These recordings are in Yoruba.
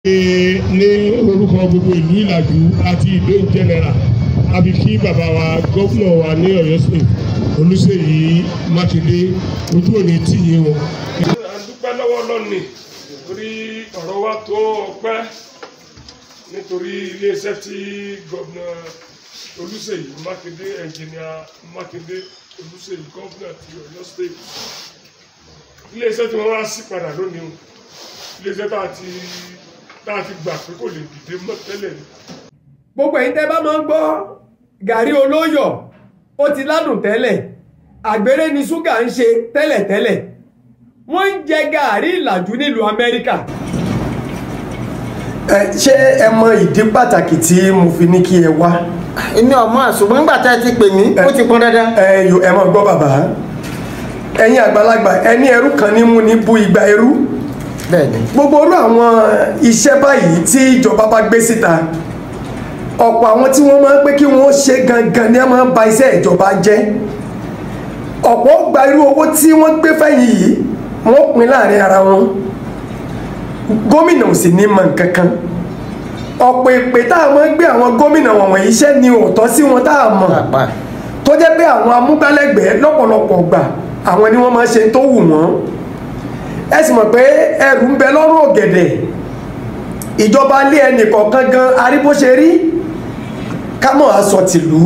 ní orúkọ gbogbo ìlú ìlàjú àti ìlú general àbí kí bàbá wa gómìnà wa ní Ọ̀yọ́ state Olúṣèyí Mákindé ojú òní tì yín o. a dúpẹ́ lọ́wọ́ lọ́nì torí ọ̀rọ̀ wa tó ọpẹ́ nítorí iléeṣẹ́ tí gómìnà Olúṣèyí Mákindé ẹnjìnìà Mákindé Olúṣèyí gómìnà ti Ọ̀yọ́ state iléeṣẹ́ tí wọ́n wá sí padà lónìí iléeṣẹ́ tá a ti tá a ti gbà pé kò lè dìde mọ́ tẹ́lẹ̀ ni. gbogbo ẹ̀yin tẹ́ bá máa ń gbọ́ gàrí olóyọ̀ ó ti ládùn tẹ́lẹ̀ àgbèrè ni ṣúgà ń ṣe tẹ́lẹ̀tẹ́lẹ̀ wọ́n ń jẹ gàrí ìlàjú nílùú amẹ́ríkà. ẹ ṣé ẹ mọ ìdí pàtàkì tí mo fi ní kí ẹ wá. èmi ò mọ̀ ṣùgbọ́n nígbà tá ẹ ti pè mí ó ti pọn dandan. ẹ ẹ mọ gbọ́ bàbá ẹ̀yin àgbàlagbà ẹni ẹrú kan ní mú ní bú igba ẹrú gbogbo orú àwọn eh, iṣẹ́ báyìí tí ìjọba bá gbé síta ọ̀pọ̀ àwọn tí wọ́n máa ń pé kí wọ́n ṣe gangan ni wọ́n máa ń ba iṣẹ́ ìjọba jẹ́ ọ̀pọ̀ gba irú owó tí wọ́n gbé fẹ́yìn yìí wọ́n pín láàrin ara wọn gómìnà ò sì ní mọ nǹkan kan ọ̀pọ̀ èpè tá a máa ń gbé àwọn gómìnà wọ̀nyí iṣẹ́ ni òótọ́ sí wọn tá a mọ̀ tó jẹ́ pé àwọn amúgbálẹ́gbẹ̀ẹ́ lọ́pọ̀lọpọ̀ gbà àwọn ni wọ́n máa ṣe tó wù wọ́n ẹ sì mọ̀ pé ẹrù ń bẹ lọ́rùn ọ̀gẹ̀dẹ̀ ìjọba lé ẹnì kọ̀ọ̀kan gan arí bó ṣe rí ká mọ̀ àsọ̀tìlú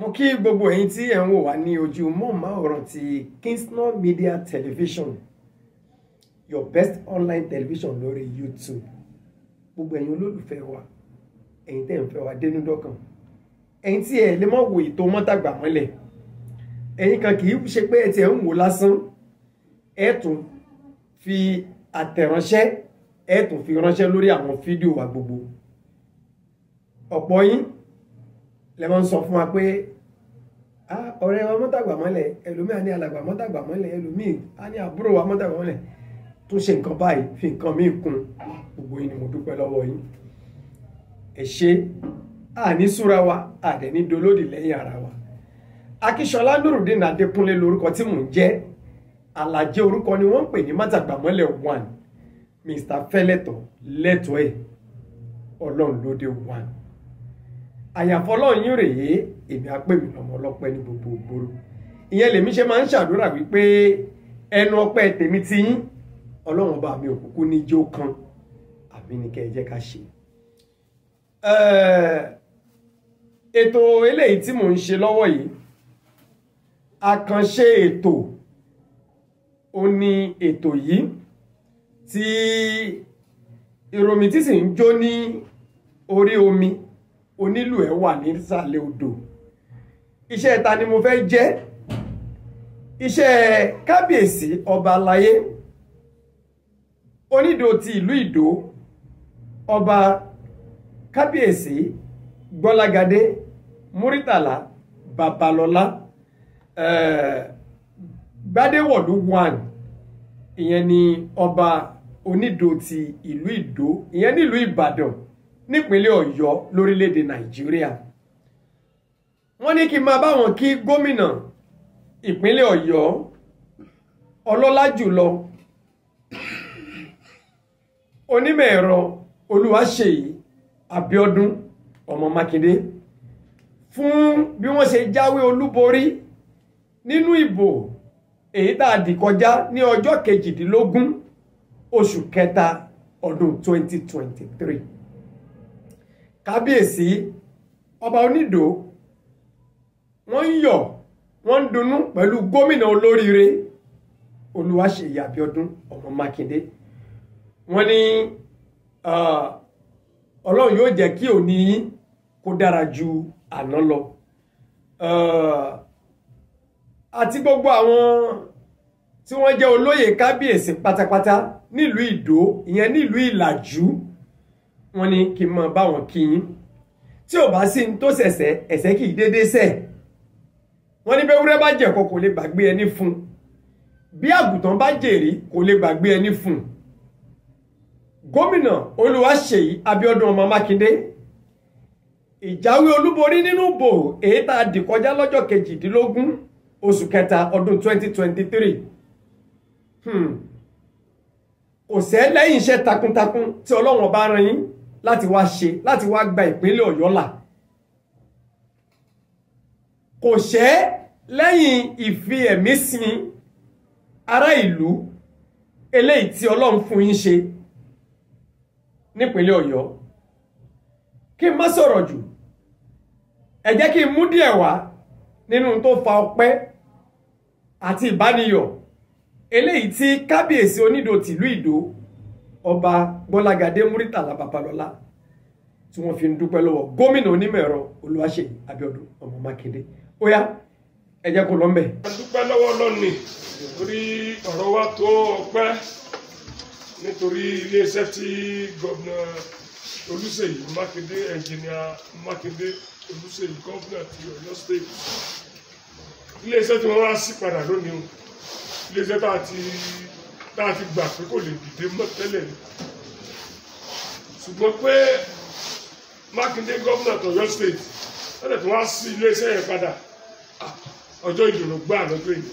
mo kí gbogbo ẹ̀yin tí ẹ̀ ń wò wá ní ojú mọ́ọ̀máwòrán ti Kingston Media Television your best online television lórí YouTube gbogbo ẹ̀yin olólùfẹ́ wa ẹ̀yin tẹ́ ń fẹ́ wa dénú dọ́kàn ẹ̀yin tí ẹ̀ lè mọ̀ wò ètò mọ́tàgbà mọ́lẹ̀ ẹ̀yin kan kì í ṣe pé ẹ ti ẹ̀ ń wò lásán ẹ̀ tún fi àtẹ̀ránṣẹ́ ẹ̀ tún fi ránṣẹ́ lórí àwọn fídíò wa gbogbo ọ̀pọ̀ yín lẹ́ máa ń sọ fún wa pé ọ̀rẹ́ wa mọ́tàgbà mọ́lẹ̀ ẹlòmíà ní alàgbà mọ́tàgbà mọ́lẹ̀ ẹlòmíì á ní àbúrò wa mọ́tàgbà mọ́lẹ̀ tó ṣe nǹkan báyìí fi nǹkan míì kún gbogbo yìí ni mo dúpẹ́ lọ́wọ́ yín ẹ ṣe àní súra wa àdẹ̀ní dolódì lẹ́yìn ara wa akíṣọlá nurudeen adékúnlé lórúkọ tí mò ń jẹ́ alàjẹ orúkọ ni wọ́n ń pè ní mọ́tàgbà mọ́lẹ̀ one mr fẹ́lẹ́tọ̀ lẹ́tọ̀ọ́ ẹ̀ ọlọ́run lóde one àyàfọ́ ọlọ́run yín rèé èmi á pè mí lọ́mọ ọlọ́pẹ́ ní gbogbo ògbóró ìyẹn lèmi ṣe máa ń ṣàdúrà wípé ẹnu ọpẹ́ tèmi ti yín ọlọ́run ọba mi òkùnkùn ní jó kan àmì ní kẹ́ ẹ jẹ́ ká ṣe. ètò eléyìí tí mò ń ṣe lọ́wọ́ yìí àkànṣe ètò ó ní ètò yìí tí ìròmìtì sì ń jó ní orí omi onílù ẹ̀ wà nísàlẹ̀ odò iṣẹ́ ta ni mo fẹ́ jẹ́ iṣẹ́ kábíyèsí ọba aláyé onídò ti ìlú ìdó ọba kábíyèsí gbọ́lágadé múrítàlá babalọ́lá uh, gbadewọ̀dù one ìyẹn ni ọba onídò ti ìlú ìdó ìyẹn nílùú ìbàdàn nípínlẹ̀ Ọ̀yọ́ lórílẹ̀‐èdè Nàìjíríà wọ́n ní kí n máa báwọn kí gómìnà ìpínlẹ̀ Ọ̀yọ́ ọlọ́lá jùlọ onímọ̀ ẹ̀rọ Olúwaṣèyí Abíọ́dún ọmọ Mákindé fún bí wọ́n ṣe jáwé olúborí nínú ìbò èyí tá a dì kọjá ní ọjọ́ kejìdínlógún oṣù kẹta ọdún 2023 kábíyèsí ọba onídò wọ́n ń yọ̀ wọ́n ń dunnú pẹ̀lú gómìnà olóríire olúwaṣèyí àbíọ́dún ọmọ mákindé wọ́n ní ọlọ́run yóò jẹ́ kí òní kó dára ju àná lọ àti gbogbo àwọn tí wọ́n jẹ́ olóyè kábíyèsí pátápátá nílùú ìdó ìyẹn nílùú ìlàjú wọ́n ní kí n mọ báwọn kí yín tí ò bá sí ní tó ṣẹ̀ṣẹ̀ ẹ̀ṣẹ̀ kì í dédé ṣẹ̀ wọ́n ní bẹ́ẹ̀ wúrẹ́ bá jẹ̀kọ kò lè gbàgbé ẹni fún bí àgùntàn bá jèrè kò lè gbàgbé ẹni fún gómìnà olùwàṣeyí abíọ́dún ọmọ mákindé ìjáwé olúborí nínú bò èyí tá a dì kọjá lọ́jọ́ kejìdínlógún oṣù kẹta ọdún 2023 hmm. kò sẹ́ lẹ́yìn iṣẹ́ takuntakun tí ọlọ́run bá rán yín láti wá ṣe láti wá gba ìpínlẹ̀ ọ̀yọ́ là kò ṣẹ́ lẹ́yìn ìfi ẹ̀mí sin ará ìlú eléyìí tí ọlọ́run fún yín ṣe nípínlẹ̀ ọ̀yọ́ kí n má sọ̀rọ̀ jù ẹ jẹ́ kí n mú díẹ̀ wá nínú tó fa ọpẹ́ àti ìbániyọ̀ eléyìí tí kábíyèsí onídò tìlú ìdó ọba bọ́lágadé múrítàlá babalọ́lá tí wọ́n fi ń dúpẹ́ lọ́wọ́ gómìnà onímọ̀ ẹ̀rọ olúwaṣèyí abíọ́dún ọmọ mákindé ó yá ẹ jẹ́ kó lọ mbẹ̀. a dúpẹ́ lọ́wọ́ lọ́nìí torí ọ̀rọ̀ wa tó ọpẹ́ nítorí iléeṣẹ́ tí gọ́vnà olúṣèyí mákindé ẹnjìnìà mákindé olúṣèyí gọ́vnà ti ọ̀yọ́ state iléeṣẹ́ tí wọ́n wá sí padà lónìí iléeṣẹ́ tá a ti tá a ti gbà pé kò lè dìde mọ́ tẹ́lẹ̀ ni ṣùgbọ́n pé Mákindé gómìnà t'Ọ̀yọ́ state wọ́n lè tún wá sí iléeṣẹ́ yẹn padà ah, ọjọ́ ìdùnnú gbà lọ́jọ́ yìí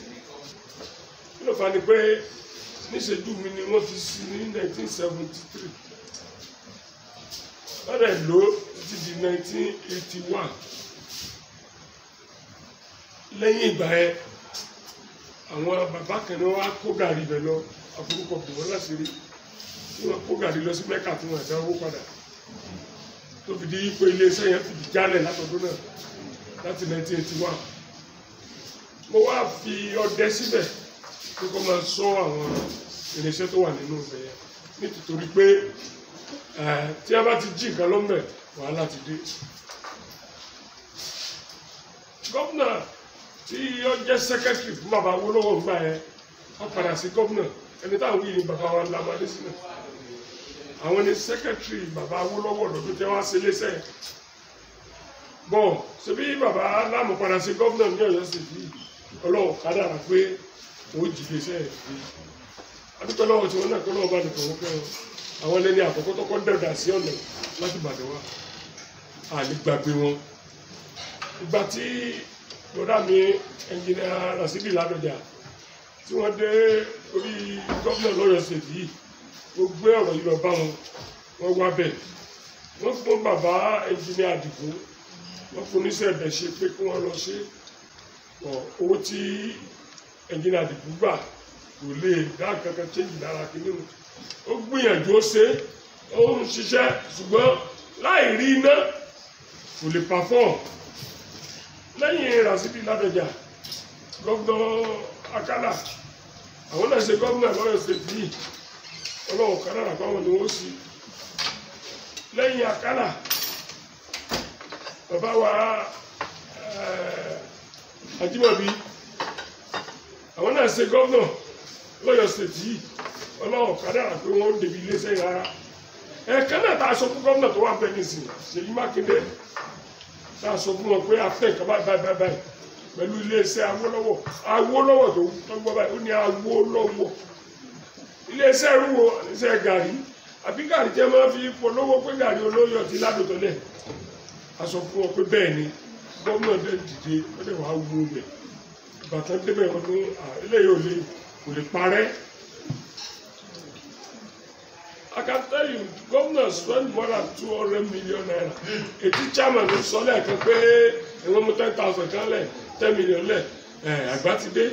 kí ló fà ní pé níṣẹ́jú mi ni wọ́n fi sí ní 1973 wọ́n lè lò ó títí di 1981 lẹ́yìn ìgbà yẹn àwọn bàbá kan ní wọ́n á kó gàrí bẹ̀ lọ àforúkọ bò wọ́n láṣìírí tí wọ́n kó gàdí lọ sí mẹ́kà tí wọ́n ẹ̀dá owó padà tó fi di ipò iléeṣẹ́ yẹn fìdí jálẹ̀ látọ̀dún náà láti 1981 mo wá fi ọdẹ síbẹ̀ tó kọ́ máa sọ àwọn irinṣẹ́ tó wà nínú ibẹ̀ yẹn nítorí pé tí a bá ti jí nǹkan lọ́mọ̀ wàhálà ti dé gómìnà tí ó jẹ́ sẹ́kẹ́tìrì fún bàbá Awólọ́wọ̀ gbà yẹn wọ́n padà sí gómìnà ẹni táwọn wí ni bàbá wa ńlá wa dé sílẹ̀ àwọn ni sẹ́kẹ̀tìrì bàbá Awólọ́wọ̀ lọ́dún tí wọ́n ṣe léṣẹ́ bọ̀ ṣebí bàbá láàmú padà sí gọ́vnà ní Ọ̀yọ́ sì fi ọlọ́wọ́ kádàrà pé òun jì léṣẹ́ adúpẹ́ lọ́wọ́ tí wọ́n náà kọ́ lọ́wọ́ bá nìkan wọ́n kẹ́wọ́ àwọn ẹlẹ́ni àkọ́kọ́ tọ́kọ́ dẹ̀dà sí ọ̀nà láti bàdẹ̀ wá àlè gbàgbé wọn ìgbà tí bọ́dà mi ẹnjìnìà Rasidi Ládọjà tí wọ́n dé orí gómìnà lọ́yọ̀ ṣètì yìí mo gbé ọ̀rọ̀ yìí lọ bá wọn wọ́n wá bẹ̀ wọ́n fún bàbá ẹnjìnìá àdìgún wọ́n fún oníṣẹ́ ẹ̀bẹ̀ ṣe pé kí wọ́n lọ ṣe owó tí ẹnjìnìá àdìgún gbà kò lè dá kankan chéjì lára kí nínú ó gbìyànjú ó ṣe ó ń ṣiṣẹ́ ṣùgbọ́n láì rí iná kò lè pàfọ́ọ̀ lẹ́yìn Rasidi Ládọjà gómìnà àkàlà àwọn náà ṣe gómìnà lọ́yọ̀ state yìí ọlọ́wọ̀ kádàrà báwọn ni wọ́n sì lẹ́yìn àkàlà bàbá wa eh, Ajímọ̀bí àwọn náà ṣe gómìnà lọ́yọ̀ state yìí ọlọ́wọ̀ kádàrà pé wọ́n débi iléeṣẹ́ rárá ẹ̀ka náà tá a sọ fún gómìnà tó wà bẹ́ẹ̀ nísìnyí Ṣèyí Mákindé tá a sọ fún wọn pé afẹ́ ìkàbá báyìí báyìí báyìí. pẹ̀lú iléeṣẹ́ Awólọ́wọ̀ Awólọ́wọ̀ tó gbọ́ báyìí ó ní Awólọ́wọ̀ iléeṣẹ́ ìrúwò iṣẹ́ gàrí àbí gàrí jẹ́ máa fi polówó pé gàrí olóyè ọtí ládòtọ́lẹ̀ a sọ fún ọ pé bẹ́ẹ̀ ni gómìnà dẹ̀ dìde ó dẹ̀ wá wú rẹ̀ ìbátan débẹ̀ wọn eléyìí ò lè kò lè parẹ́. I can tell you, governor more than million naira. chairman ló sọ lẹ́ẹ̀kan pé ìwọ́n mú ten ten million lẹ̀ àgbà ti dé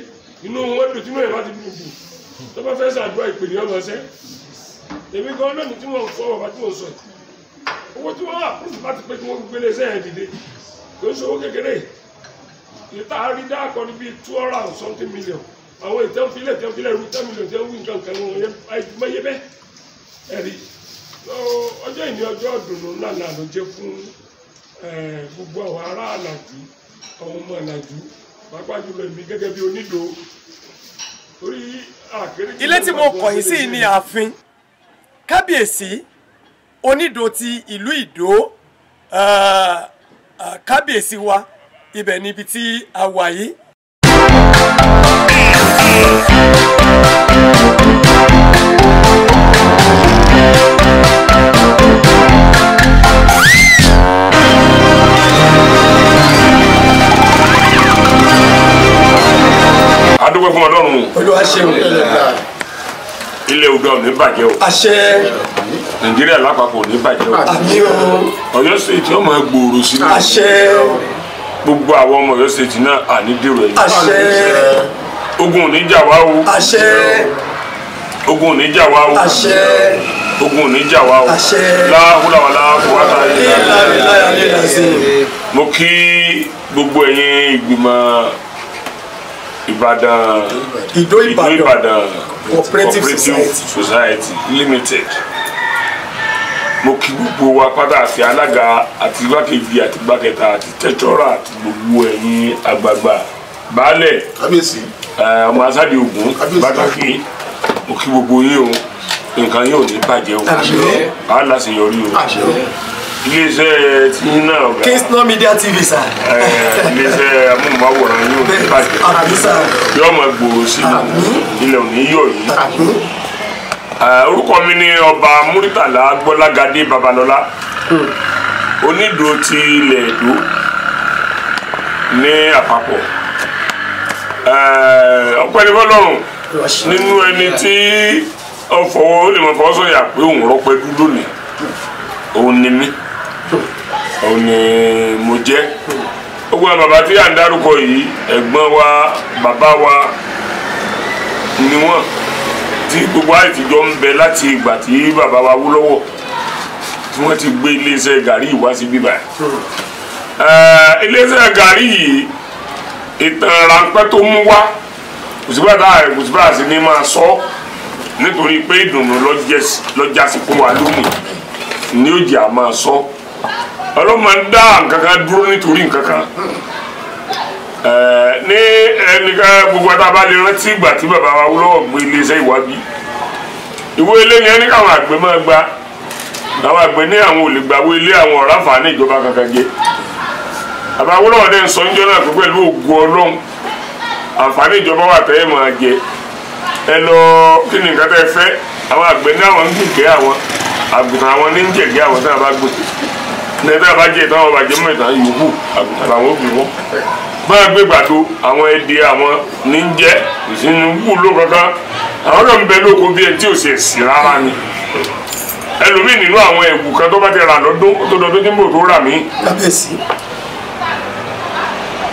inú wọn dùn tí wọn yẹn bá ti dùn jù tó bá fẹ́ sàdúrà ìpè ní ọmọ ṣẹ́ èmi gan lónìí tí wọn sọ bàbá tí wọn sọ yìí owó tí wọn wà kúrò bá ti pé kí wọn gbélé sẹ́yìn dìde kò ń ṣòwò kékeré ìta àrídá akọni bíi two hundred and something million àwọn ìtẹ́nfilẹ̀ ìtẹ́nfilẹ̀ ìlú ten million ìtẹ́nwí nǹkan kan ní wọn mẹ́yẹ bẹ́ẹ̀ ẹ̀rí ọjọ́ ìní ọjọ́ ọdùnnú ńlá náà ló jẹ́ fún gbogbo àwọn ará àlàjì ọmọ ọmọ ìlàjú pàápàá jùlọ èmi gẹ́gẹ́ bí onídò orí àkérè. ilé tí mo kọ̀ yìí sí ni ààfin kábíyèsí onídò ti ìlú ìdó kábíyèsí wa ibẹ̀ níbi tí a wà yìí. dúpẹ́ fún ọlọ́run o. olúwa ṣeun ilé Oòduà ò ní bàjẹ́ o. àṣẹ. nàìjíríà lápapọ̀ ò ní bàjẹ́ o. àmín o. Ọ̀yọ́ sèétì ọmọ gbòòrò sí i. àṣẹ. gbogbo àwọn ọmọ Ọ̀yọ́ sèétì náà àní dèrò ẹ̀yìn. àṣẹ. ogun ò ní jà wá o. àṣẹ. ogun ò ní jà wá o. àṣẹ. ogun ò ní jà wá o. àṣẹ. láhùlà wà láhùlà wà láhùlà. ilé ìlànà ìlànà ìlànà sí. mo kí gbogbo ẹ̀yin ìgbìmọ̀ Ìbàdàn Ìdó Ìbàdàn Cooperative Society Limited mo kí gbogbo wa pátá àti alága àti igbákejì àti igbákẹta àti tẹtọrọ àti gbogbo ẹ̀yin àgbààgbà baálẹ̀ ọmọ asáde ogun pàtàkì mo kí gbogbo yín o nǹkan yóò ní bàjẹ́ o àá láṣeyọrí o iléeṣẹ́ tí ń náà ọ̀gá. Kingston Media TV sà. iléeṣẹ́ amóhùnmáwòrán yóò ní bàjẹ́ yóò máa gbòòrò sí i ilẹ̀ òní yọ̀ yìí. orúkọ mi ni ọba Muritala Gbọ́lágadé Babalọ́lá hmm. onídò ti ilẹ̀ Ẹdó ní àpapọ̀ ọpẹ́ ní fọlọ́run nínú ẹni tí ọfọwọ́ ó lè mọ fọwọ́sọ̀yà pé òun rọpẹ́ dúró ni òun ni mí òun ni mo jẹ́ gbogbo àwọn bàbá tí à ń dárúkọ yìí ẹ̀gbọ́n wa bàbá wa ni wọ́n tí gbogbo àìtìjọ ń bẹ láti ìgbà tí bàbá wa wú lọ́wọ́ tí wọ́n ti gbé iléeṣẹ́ gàrí yìí wá sí bíbá ẹ̀ iléeṣẹ́ gàrí yìí ìtàn ráńpẹ́ tó mú wá kùsùbà tá kùsùbà sí ni máa sọ nítorí pé ìdùnnú lọ́jà sí fún wa lónìí ni ó jẹ́ à sọ ọlọ́run máa ń dá nǹkan kan dúró nítorí nǹkan kan eh, ní ẹnìkan gbogbo àtàbà lè rántí ìgbà tí bàbá wa Awólọ́wọ̀ gbé iléeṣẹ́ ìwábí ìwé ilé ni ẹni káwọn àgbẹ̀ máa gba àwọn àgbẹ̀ ní àwọn olùgbàwé ilé àwọn ọ̀rá fàánì ìjọba kankan jẹ bàbá Awólọ́wọ̀ dẹ́n sọ ń jọ náà pé pẹ̀lú ògùn ọlọ́run àǹfààní ìjọba wà tẹ́yẹ̀ máa jẹ ẹ lọ kí ni nǹkan tẹ́ fẹ́ àwọn àgbẹ̀ ní àwọn ń gbìkẹ́ àwọn àgùntàn àwọn ní ń jẹ̀gẹ́ àwọn tí wọ́n bá gbòkè nẹ́ẹ̀dá bá jẹ́ ìtàn ọba jẹ́mọ́ ìtàn yòókù àgùntàn làwọn òbí wọ́ báyà gbé gbàdo àwọn ẹdí àwọn níjẹ́ ìsinú wúlò kankan àwọn náà ń bẹ lóko bí ẹni tí ò sì sí rárá ni ẹlòmíì nínú àwọn ẹ̀wù kan tó bá ti rà lọ́dún tó dọ́dún tí mò tó rà mí.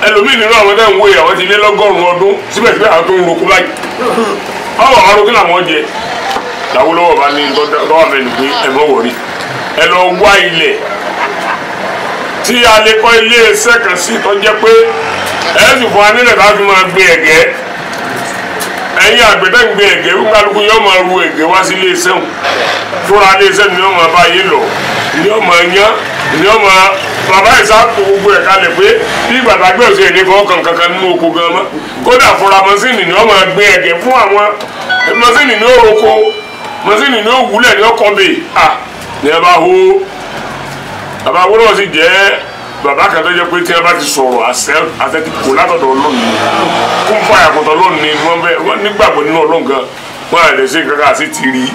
ẹlòmíì nínú àwọn tẹ́ ń wo ìyàwó ti lé lọ́gọ́rùn-ún ọdún síbẹ̀síbẹ̀ àwọn tó ń roko báyìí báwo àwọn arókè làwọn jẹ làwọn olówó bá ní tọ́wọ́ mẹ́nu pé ẹ tí a lè kọ́ ilé iṣẹ́ kan sí tó jẹ́ pé ẹ̀ẹ́dì fún wa nílẹ̀ láti máa gbé ẹ̀gẹ́ ẹ̀yin àgbẹ̀dẹ́ ń gbé ẹ̀gẹ́ kálukú yóò máa ru ẹ̀gẹ́ wá sí ilé iṣẹ́ wọn fúnra ilé iṣẹ́ ni yóò máa bá yé lọ ni yóò máa yán ni yóò máa bàbá ìsáàpù gbogbo ẹ̀ kalẹ̀ pé bí gbàdágbé òsè èdè fọwọ́kàn kankan nínú oko gan mọ́ kódà fúnra mọ́sìnì ni wọ́n máa gbé ẹ̀gẹ́ fún àwọn mọ́sìnì ní òroko mọ́sìnì ní òwúlẹ̀ ní ọkọ̀ bèè à ní ẹ bá hó bàbá Awólọ́wọ̀ sì jẹ́ bàbá kan tó jẹ́ pé tí a bá ti sọ̀rọ̀ àṣẹ ti kò látọ̀dọ̀ Ọlọ́run kún fún àyàkọ̀tọ̀ Ọlọ́run ni wọ́n bẹ wọ́n nígbàgbọ́ nínú Ọlọ́run gan wọ́n àlẹ́ ṣe kankan àti ti rí i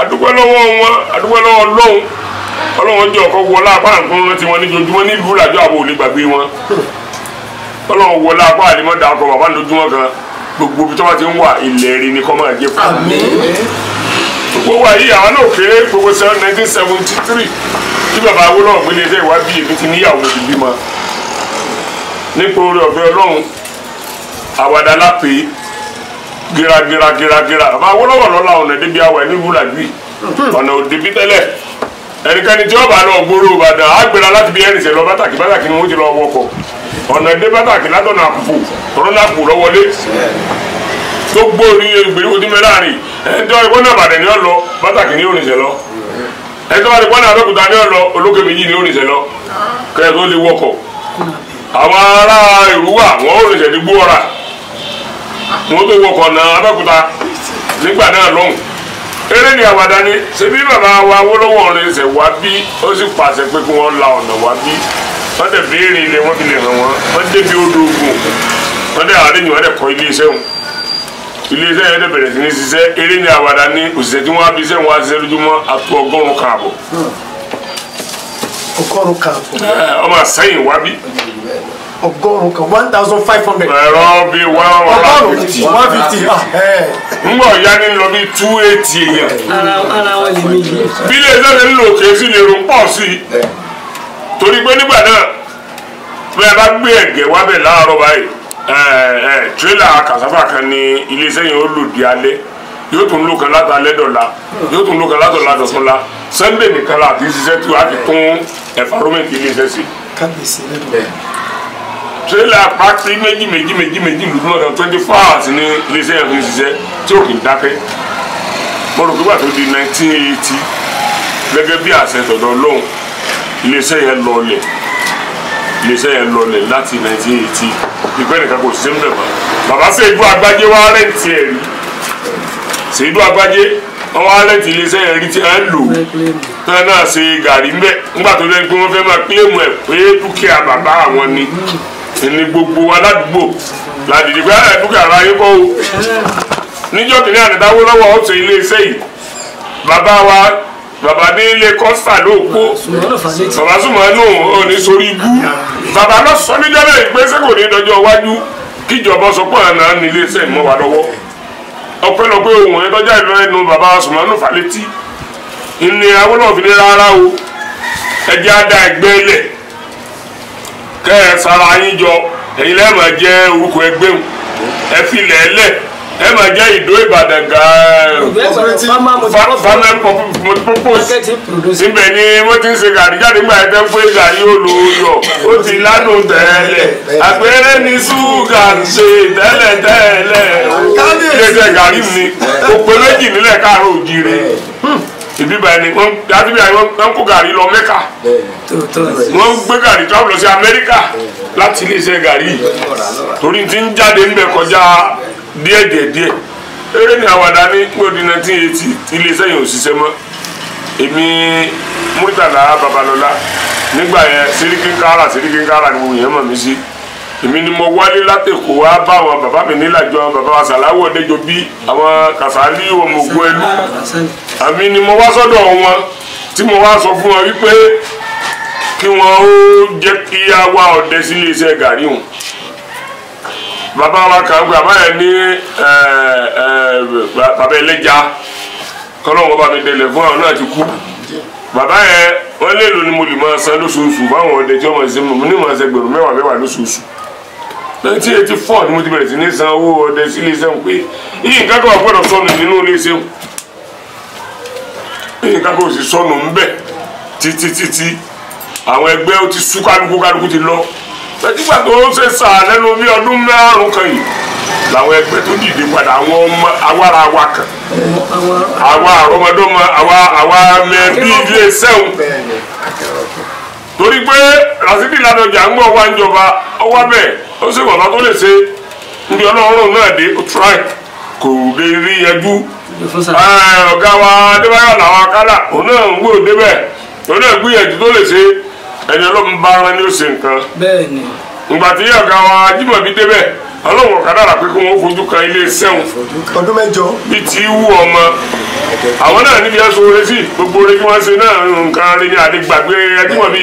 àdúgbò lọ́wọ́ wọn àdúgbò lọ́wọ́ Ọlọ́run Ọlọ́run jẹ́ ọkọ̀ wọlé apá nǹkan rántí wọn níjojúmọ́ nílùú làjọ àbò ò lè gbàgbé wọn Ọlọ́run wọlé apá àlèmọ́ dàkọ̀ bàbá lójúmọ́ kan gbogbo ibi tí wọ́n ti ń wà ilẹ̀ rí ni kọ́ máa jẹ́ fún un gbogbo wa yìí àwọn náà kéré gbogbo sẹ́wọ́n nineteen seventy three tí bàbá Awólọ́wọ̀ gbélé iṣẹ́ ìwádìí èmi ti níyàwó ti bímọ nípa orí ọ̀fẹ́ Ọlọ́run àwàdà lápè gíragíragíragíra bàbá Awólọ́wọ̀ lọ́la ọ̀nà débi awà nílùú làjú ọ̀nà òde bí tẹ́lẹ̀ ẹnikẹ́ni tí wọ́n bá lọ gbóró Ìbàdàn á gbéra láti bí ẹrìnsẹ̀ lọ bátàkì bátàkì ni wọ́n ti lọ wọkọ̀ ọ̀nà dé bátàkì látọ̀nà àkùkù tọ́lọ́nà àkùkù lọ́wọ́lé tó gbóòrí ìgbèríko tí mẹ́láàrin ẹ̀ńtọ́ ìwọ́n náà bàdàn ni wọ́n lọ bátàkì ni yóò nìṣẹ́ lọ. ẹjọ́ bá ti pọ́n ní abẹ́kúta ní ọ̀lọ́ olókè méjì ní oníṣẹ́ lọ kẹ́ tó lè wọkọ̀ àwọn ará ìlú wọ́n oníṣẹ́ ti gbó ọ̀rà wọ́n tó wọkọ̀ náà abẹ́kúta nígbà náà lọ́hùn eré ni àwàdà wa wá bí ó sì pàṣẹ pé kí la ọ̀nà wá bí ilé fi lè débi odò iléeṣẹ́ yẹn bẹ̀rẹ̀ sí ní ṣiṣẹ́ eré ní àwàdà ní òṣìṣẹ́ tí wọ́n á fi iṣẹ́ wọn á ṣiṣẹ́ lójúmọ́ àtú ọgọ́rùn-ún hmm. ọgọ́rùn-ún ọmọ sẹ́yìn wá bí. ọgọ́rùn kan one thousand five hundred. ẹ̀rọ bí one hundred fifty. one fifty ah, eh. ngbọ̀ ya ni lọ bí two eighty èèyàn. ara wọn lè mí yìí. bí iléeṣẹ́ yẹn ń lò kéésì lè rún pọ̀ sí i torí pé nígbà náà bẹ́ẹ̀ bá gbé ẹ̀gẹ́ wá bẹ̀ láàárọ̀ báyìí tírélà kàsáfà kan ní iléeṣẹ́ yẹn ó lò di alẹ́ yóò tún lò kan látàlẹ́ dọ̀la yóò tún lò kan látọ̀la dọ̀túnla sunday nìkan la àti ṣiṣẹ́ tí wàá fi tún environment iléeṣẹ́ sí. kábíyèsí lẹ́nu bẹ́ẹ̀. tírélà pàtí méjì méjì méjì méjì lùdúmọ̀ kan twenty four hours ní iléeṣẹ́ yẹn fi ṣiṣẹ́ tí ò kì í dákẹ́ mo rò pé wà tó di nineteen eighty gẹ́gẹ́ bí àṣẹ tọ̀dọ̀ lóhùn iléeṣẹ́ yẹn lọlẹ̀ iléeṣẹ́ yẹn lọlẹ̀ láti nineteen eighty ìgbẹ́ nìkan kò ṣiṣẹ́ níbẹ̀ mọ́ bàbá ṣèdú agbájé wá rẹ̀ǹtì ẹ̀ rí ṣèdú agbájé wọ́n wá rẹ̀ǹtì iléeṣẹ́ ẹ̀ rí tí a lò náà náà ṣe gàrí ńbẹ nígbà tó lẹ́nu pé wọ́n fẹ́ máa kílèmù ẹ̀ pé dúkìá bàbá àwọn ni ẹni gbogbo aládùúgbò ládìdì pé ẹ̀ dúkìá ara yín kọ́ o níjọ́ kìnìún àdàdáwó lọ́wọ́ ọ̀sẹ̀ bàbá délé kọ́sà ló kó bàbá sùmọ́nù òní sórí ibú bàbá lọ sọ níjọ́ náà ìgbésẹ̀ kò ní dọjọ́ iwájú kíjọba sọ pé àná nílé iṣẹ́ ìmọ̀ wà lọ́wọ́ ọpẹ́lọpẹ́ ohun ẹ̀ tọ́jà ìlú ẹnu bàbá sùmọ́nù fàlétí ìní Awólọ́wọ̀ fi ní rárá o ẹjẹ́ á da ẹgbẹ́ lẹ̀ ẹ sara yín jọ ẹ̀yin lẹ́ẹ̀mọ̀ jẹ́ orúkọ ẹgbẹ́ ẹ fi lẹ̀ ẹ máa jẹ́ ìdó ìbàdàn gan-an farming purpose ibẹ̀ ni wọ́n ti ń ṣe gàrí jáde nígbà yẹn tẹ́ pé gàrí olóyọ̀ ó ti lánàá tẹ́lẹ̀ àpẹẹrẹ ni ṣúgà ṣe tẹ́lẹ̀ tẹ́lẹ̀ ṣẹṣẹ gàrí mi kò pé méjì nílẹ̀ káàárọ̀ òjìire ìbí hmm. báyìí ni wọ́n dájú bí wọ́n kó gàrí lọ mẹ́ka wọ́n gbé gàrí tó lọ sí amẹ́ríkà láti iléeṣẹ́ gàrí torí ti ń jáde ńbẹ kọjá díẹ̀ díẹ̀ díẹ̀ eré ní àwàdà ní gbòdì nineteen eighty tí iléeṣẹ́ yìí ò ṣiṣẹ́ mọ́ èmi Murtala Babalọlá nígbà yẹn Sẹ́ríkí Kára Sẹ́ríkí Kára ni gbogbo yẹn mọ̀ mí sí èmi ni mo wálé látẹ̀kọ̀ wá bá àwọn bàbá mi nílàjọ bàbá wa sàláwọ̀ ọ̀dẹ́jọ bí àwọn Kàsálí ọmọ ògùn ẹlú àmì ni mo wá sọ́dọ̀ wọn tí mo wá sọ fún wọn wípé kí wọn ó jẹ́ kí a wá ọdẹ sí iléeṣẹ́ gàrí wọn bàbá wa kan gbé àbáyẹ ní bàbá ẹlẹ́jà kọ́lọ́wọ́n bá mi délé fún àwọn náà ti kú bàbá yẹn wọ́n lè lò ní mo lè máa san lóṣooṣù fáwọn ọdẹ tí wọ́n máa ṣe mo ní máa ṣe gbèrò mẹ́wàá mẹ́wàá lóṣooṣù nineteen eighty four ni mo ti bẹ̀rẹ̀ sí ní san owó ọdẹ sí iléeṣẹ́ ń pè é yìí nǹkan kan wà gbọ́dọ̀ sọnù nínú iléeṣẹ́ ń yìí nǹkan kan ò sì sọnù ń bẹ̀ títí títí àwọn ẹgbẹ́ ti sú kálukú kálukú ti lọ. nígbà tó ń ṣe sàn lẹ́nu bí ọdún márùn kan yìí làwọn ẹgbẹ́ tó dìde padà àwọn ọmọ awára wa kan àwa àrọmọdọ́mọ àwa àwa mẹ́bí ilé sẹ́wọ̀n torí pé rasidi ladọjà ń gbọ́ wá ń jọba ọwọ́ bẹ́ẹ̀ ó sì wọ̀nà tó lè ṣe ndí ọlọ́run náà dé kò lè rí wa làwọn akálà òun náà ẹni ọlọ́run bá rán ní òsè nǹkan. bẹ́ẹ̀ni. ìgbà tí ọ̀gá wa Ajímọ̀bí débẹ̀ ọlọ́run ọ̀kadà rà pé kí wọ́n fojú kan ilé sẹ́wọ̀n. ọdún mẹ́jọ. bí ti wú ọmọ àwọn náà níbi aṣọ oore sí gbogbo oore tí wọ́n ṣe náà nǹkan rẹ ní àdégbàgbé Ajímọ̀bí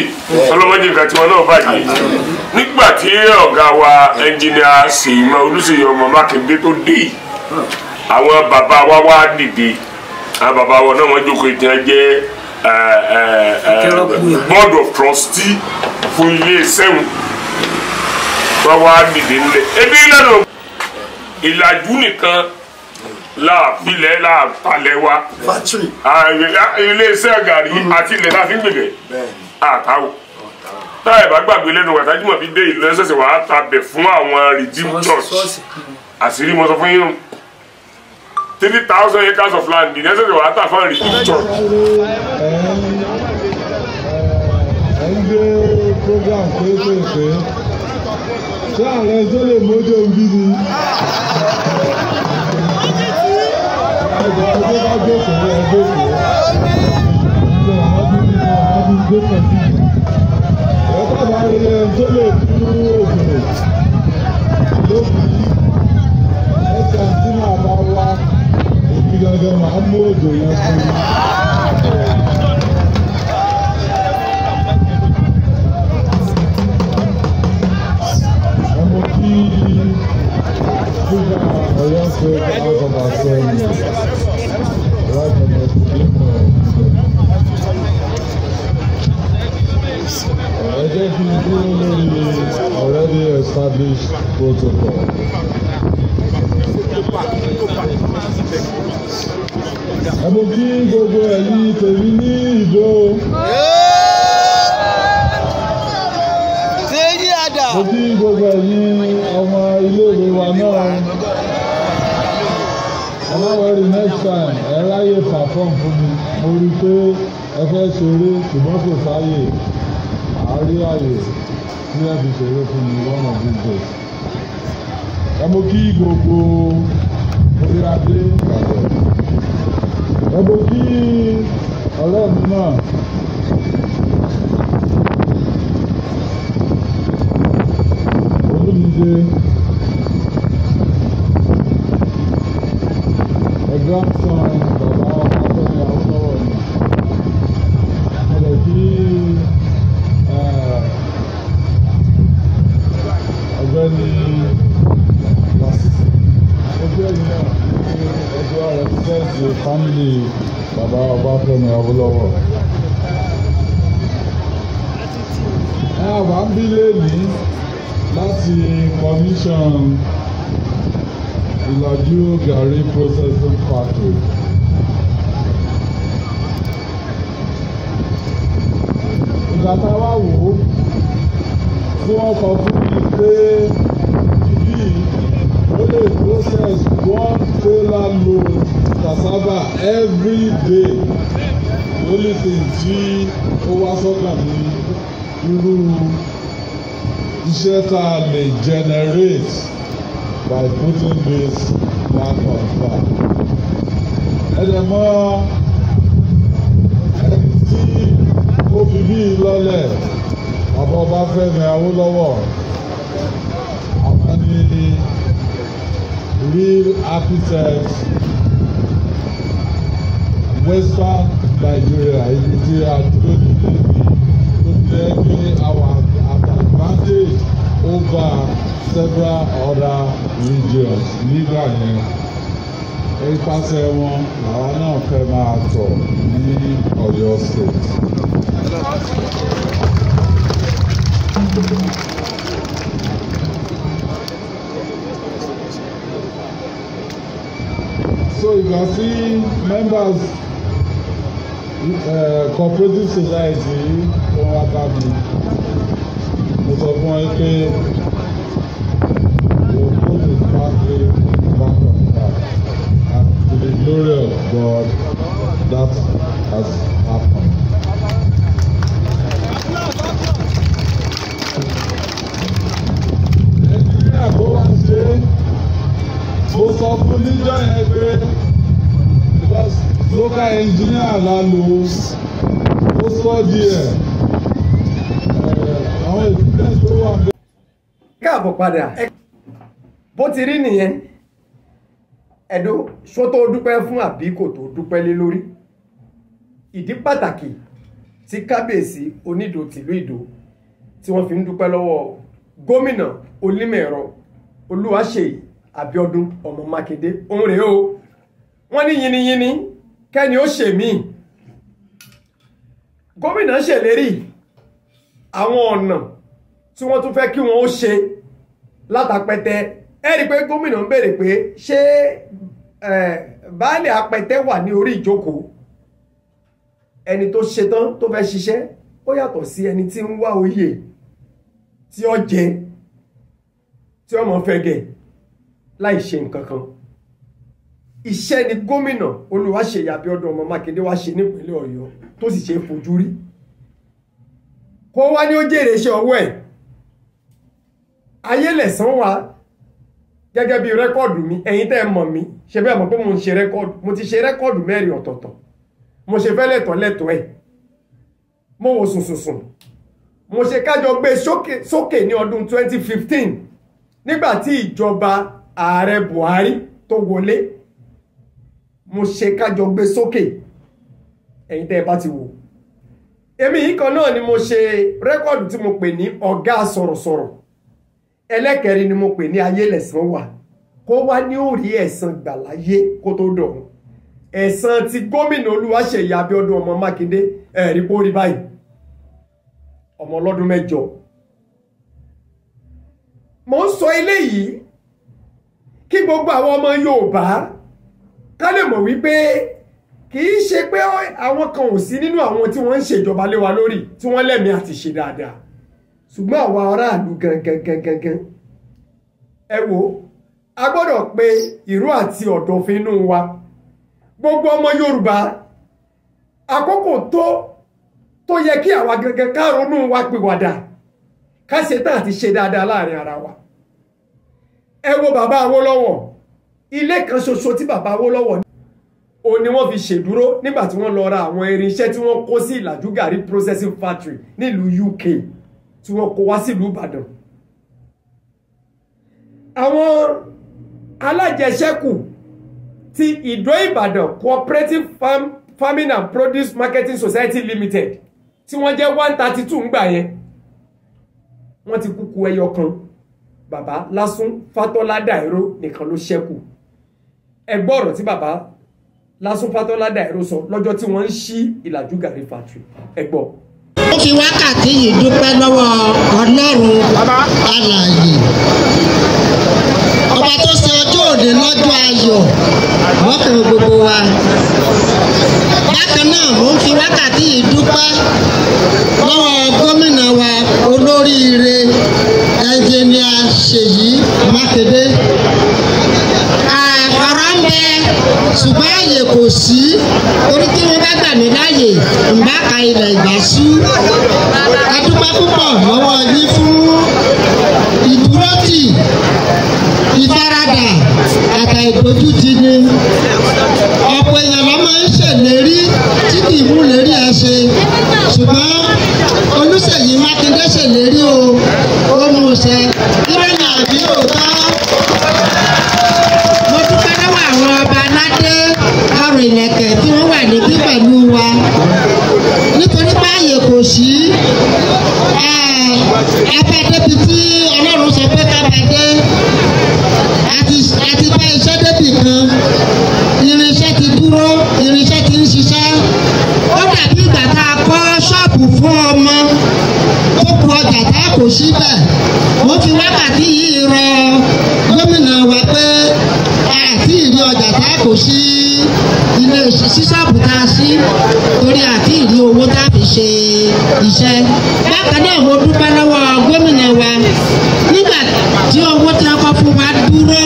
ọlọ́mọdé nǹkan tí wọ́n náà bàjẹ́ nígbà tí ọ̀gá wa ẹnjìnìà Ṣèyí Olúṣèyí ọmọ Mákindé tó dé ah. àwọn bàbá wa wá dìde àwọn bàbá wọn náà wọ́n jókòó ìtàn jẹ́ Eh, eh, eh, board of trustee fún iléeṣẹ́ wọn wọ́n wá dìde ńlẹ̀ ebi lẹ́nu ìlàjú nìkan láàpilẹ̀ láàpalẹ̀ wa iléeṣẹ́ gàrí mm. àti ilẹ̀ láti gbèlè àtàwọn táyà bá gbàgbé lẹ́nu wà tájúmọ̀ fi dé ìlú ẹ̀sẹ̀sẹ̀ wà á tabẹ̀ fún àwọn redeem church àṣírí mo sọ fún yín o three thousand acres of land the necessary water for irrigation. program kéékèèké ṣé ààrẹ tó lè mójú òbí ni ẹgbẹ́ tó bá gbèsè ẹ gbèsè ẹgbẹ́ àwọn bí mi náà i ẹ̀ka bá rí ẹ tó lè dúró òkùnrin lókùnrin. جعفر محمود already established protocol. pa tó kí gbogbo ẹ̀yin tèmi ní ìjọ. mo kí gbogbo ẹ̀yin ọmọ iléèwé wa náà. Aláwẹ̀rì next time ẹ ráyè perform fún mi. Mo rí i pé ẹ fẹ́ ṣeré ṣùgbọ́n kò sáyè. Àárí àyè tí ẹ fi ṣeré fún mi one of ẹ mo kí gbogbo òṣèré ẹ mo kí ọ̀rẹ́ mi náà. olùdíje. ti bàbá Ọbáfẹ́mi Awólọ́wọ̀. a wà ń bí lẹ́nìí láti commission ìlàjú gàrí processing factory. ìgbà tá a wá wò ó tí wọ́n fún mi. every day only thing tí ó wá sọ́kàn ní irú iṣẹ́ tá a lè generate by putting this back on back. ẹ̀dẹ̀mọ́ ẹni tí ó fi bí lọ́lẹ̀ bàbá Ọbáfẹ́mi Awólọ́wọ̀ àwọn ní real architects western nigeria ibi tí a dúró nílé tó jẹ́ pé our advantage over several other regions nígbà yẹn ipasẹ̀ wọn làwa náà fẹ́ máa tọ̀ ní ọ̀yọ́ state. So you can see members Eh, cooperative society tó wá bá mi mo sọ fún wọn pé we put the family back on track and to the glory of God that has happened. Nàìjíríà tó wá ṣe mo sọ fún níjọ́ yẹn pé local engineer la lò ó sọ́ọ́dì ẹ̀ eh, àwọn ìpínlẹ̀ tó wà bẹ́ẹ̀. káàbọ̀ padà bó ti rí nìyẹn ẹ̀dùn ṣó tó dúpẹ́ fún àbí kò tó dúpẹ́ lé lórí ìdí pàtàkì tí kábíyèsí onídò tìlú ìdò tí wọ́n fi ń dúpẹ́ lọ́wọ́ gómìnà onímọ̀-ẹ̀rọ olúwaṣèyí ọmọ Mákindé òun rèé o wọ́n ní yiniyini kẹ́ni ó ṣe míì gómìnà ṣèlérí àwọn ọ̀nà tí wọ́n tún fẹ́ kí wọ́n ó ṣe látàpẹtẹ ẹ rí i pé gómìnà ń béèrè pé ṣé baálé apẹtẹ wà ní orí ìjókòó ẹni tó ṣetán tó fẹ́ ṣiṣẹ́ ó yàtọ̀ sí ẹni tí ń wá oyè tí ó jẹ tí ó mọ̀ fẹ́ gẹ̀ láì ṣe nǹkan kan iṣẹ́ ni gómìnà Olúwaṣeyì Abíọ́dún ọmọ Mákindé wá ṣe nípínlẹ̀ Ọ̀yọ́ tó sì ṣe é fojú rí kó wá ní ó jèrè iṣẹ́ ọwọ́ ẹ̀ ayé lẹ̀sán wa gẹ́gẹ́ bí rẹ́kọ́ọ̀dù mi ẹ̀yin tẹ́ ẹ mọ̀ mi ṣe bẹ́ẹ̀ mọ̀ pé mo ṣe rẹ́kọ́ọ̀dù mo ti ṣe rẹ́kọ́ọ̀dù mẹ́rin ọ̀tọ̀ọ̀tọ̀ mo ṣe fẹ́ lẹ́tọ̀ lẹ́tọ̀ ẹ̀ mo wò sùnsùnsùn mo ṣe kájọ gbé sókè ní ọdún 2015 nígbà tí ìjọba ààrẹ Buhari tó wọlé mo ṣe kájọ gbé sókè ẹ̀yin tẹ́ ẹ bá ti wò èmi yìí kan náà ni mo ṣe rẹ́kọ̀dù tí mo pè ní ọ̀gá sọ̀rọ̀sọ̀rọ̀ ẹlẹ́kẹ̀rin ni mo pè ní ayé lẹ̀san wà kó wá ní òrí ẹ̀san gbà láyé kó tó dọ̀run ẹ̀san ti gómìnà Olúwaṣèyí Abíọ́dún ọmọ Mákindé ẹ̀rí pórí báyìí ọmọ ọlọ́dún mẹ́jọ mo ń sọ eléyìí kí gbogbo àwọn ọmọ Yorùbá ká lè mọ̀ wípé kì í ṣe pé àwọn kan ò sí nínú àwọn tí wọ́n ń ṣèjọba lé wa lórí tí wọ́n lẹ́mìí àti ṣe dáadáa ṣùgbọ́n àwa aráàlú gangan gangan gan ẹ wo a gbọ́dọ̀ pe ìró àti ọ̀dọ̀fin inú wa gbogbo ọmọ Yorùbá àkókò tó tó yẹ kí àwa gangan ká wa wa pìwàdà ká ṣe tán àti ṣe dáadáa láàrin ara wa ẹ wo bàbá Awólọ́wọ̀ ilé kan ṣoṣo tí bàbá Awólọ́wọ̀ ní. ó ní wọ́n fi ṣèdúró nígbà tí wọ́n lọ ra àwọn irinṣẹ́ tí wọ́n kó sí Ìlàjú gàrí processing factory nílùú UK tí wọ́n kó wá sílùú Ìbàdàn. àwọn alájẹṣẹ́kù ti Ìdó Ìbàdàn cooperative farm farming and produce marketing society limited tí wọ́n jẹ́ one thirty two ngbà yẹn wọ́n ti kúkú ẹyọ kan bàbá lásùn fatọ́ládàíró nìkan ló ṣẹ́kù ẹgbọ́ ọ̀rọ̀ tí bàbá Lásùn Fátọ́lá Dàíró sọ lọ́jọ́ tí wọ́n ń ṣí Ìlàjú Gàrí factory ẹgbọ́. ó fi wákàtí yìí dúpẹ́ lọ́wọ́ Ọlọ́run alààyè ọba tó ṣe ọjọ́ òde lọ́jọ́ ayọ̀ mọ́kàn gbogbo wa bákan náà mò ń fi wákàtí yìí dúpẹ́ lọ́wọ́ gómìnà wa olóríire ẹnjìníà Ṣèyí Mákindé ń bẹ ṣùgbọ́n àyè kò sí torí tí wọ́n bá gbà mí láàyè ìbá ka ilẹ̀ ìgbà sú. a dúpẹ́ púpọ̀ lọ́wọ́ yín fún ìdúrótì ìfaradà àtà ìdójútì ni ọ̀pọ̀ èèyàn ló máa ń ṣèlérí tí kì í mú lérí ẹ ṣe ṣùgbọ́n Olúṣèyí Mákindé ṣèlérí o ó mú un ṣe kí àbí òótọ́ àwọn ọba aládé arìnlẹ̀kẹ̀ tí wọ́n wà níbí pẹ̀lú wa nítorí báyìí kò sí abádébi tí ọlọ́run sọ pé kábàdé àti bá iṣẹ́ débì kan irin. kò sí ilé ṣíṣọ́ọ̀bù tá a sí torí àti ìrí owó tá a fi ṣe iṣẹ́. bákan náà mo dúpẹ́ lọ́wọ́ gómìnà wa nígbà tí owó tí wọ́n kọ́ fún wa dúró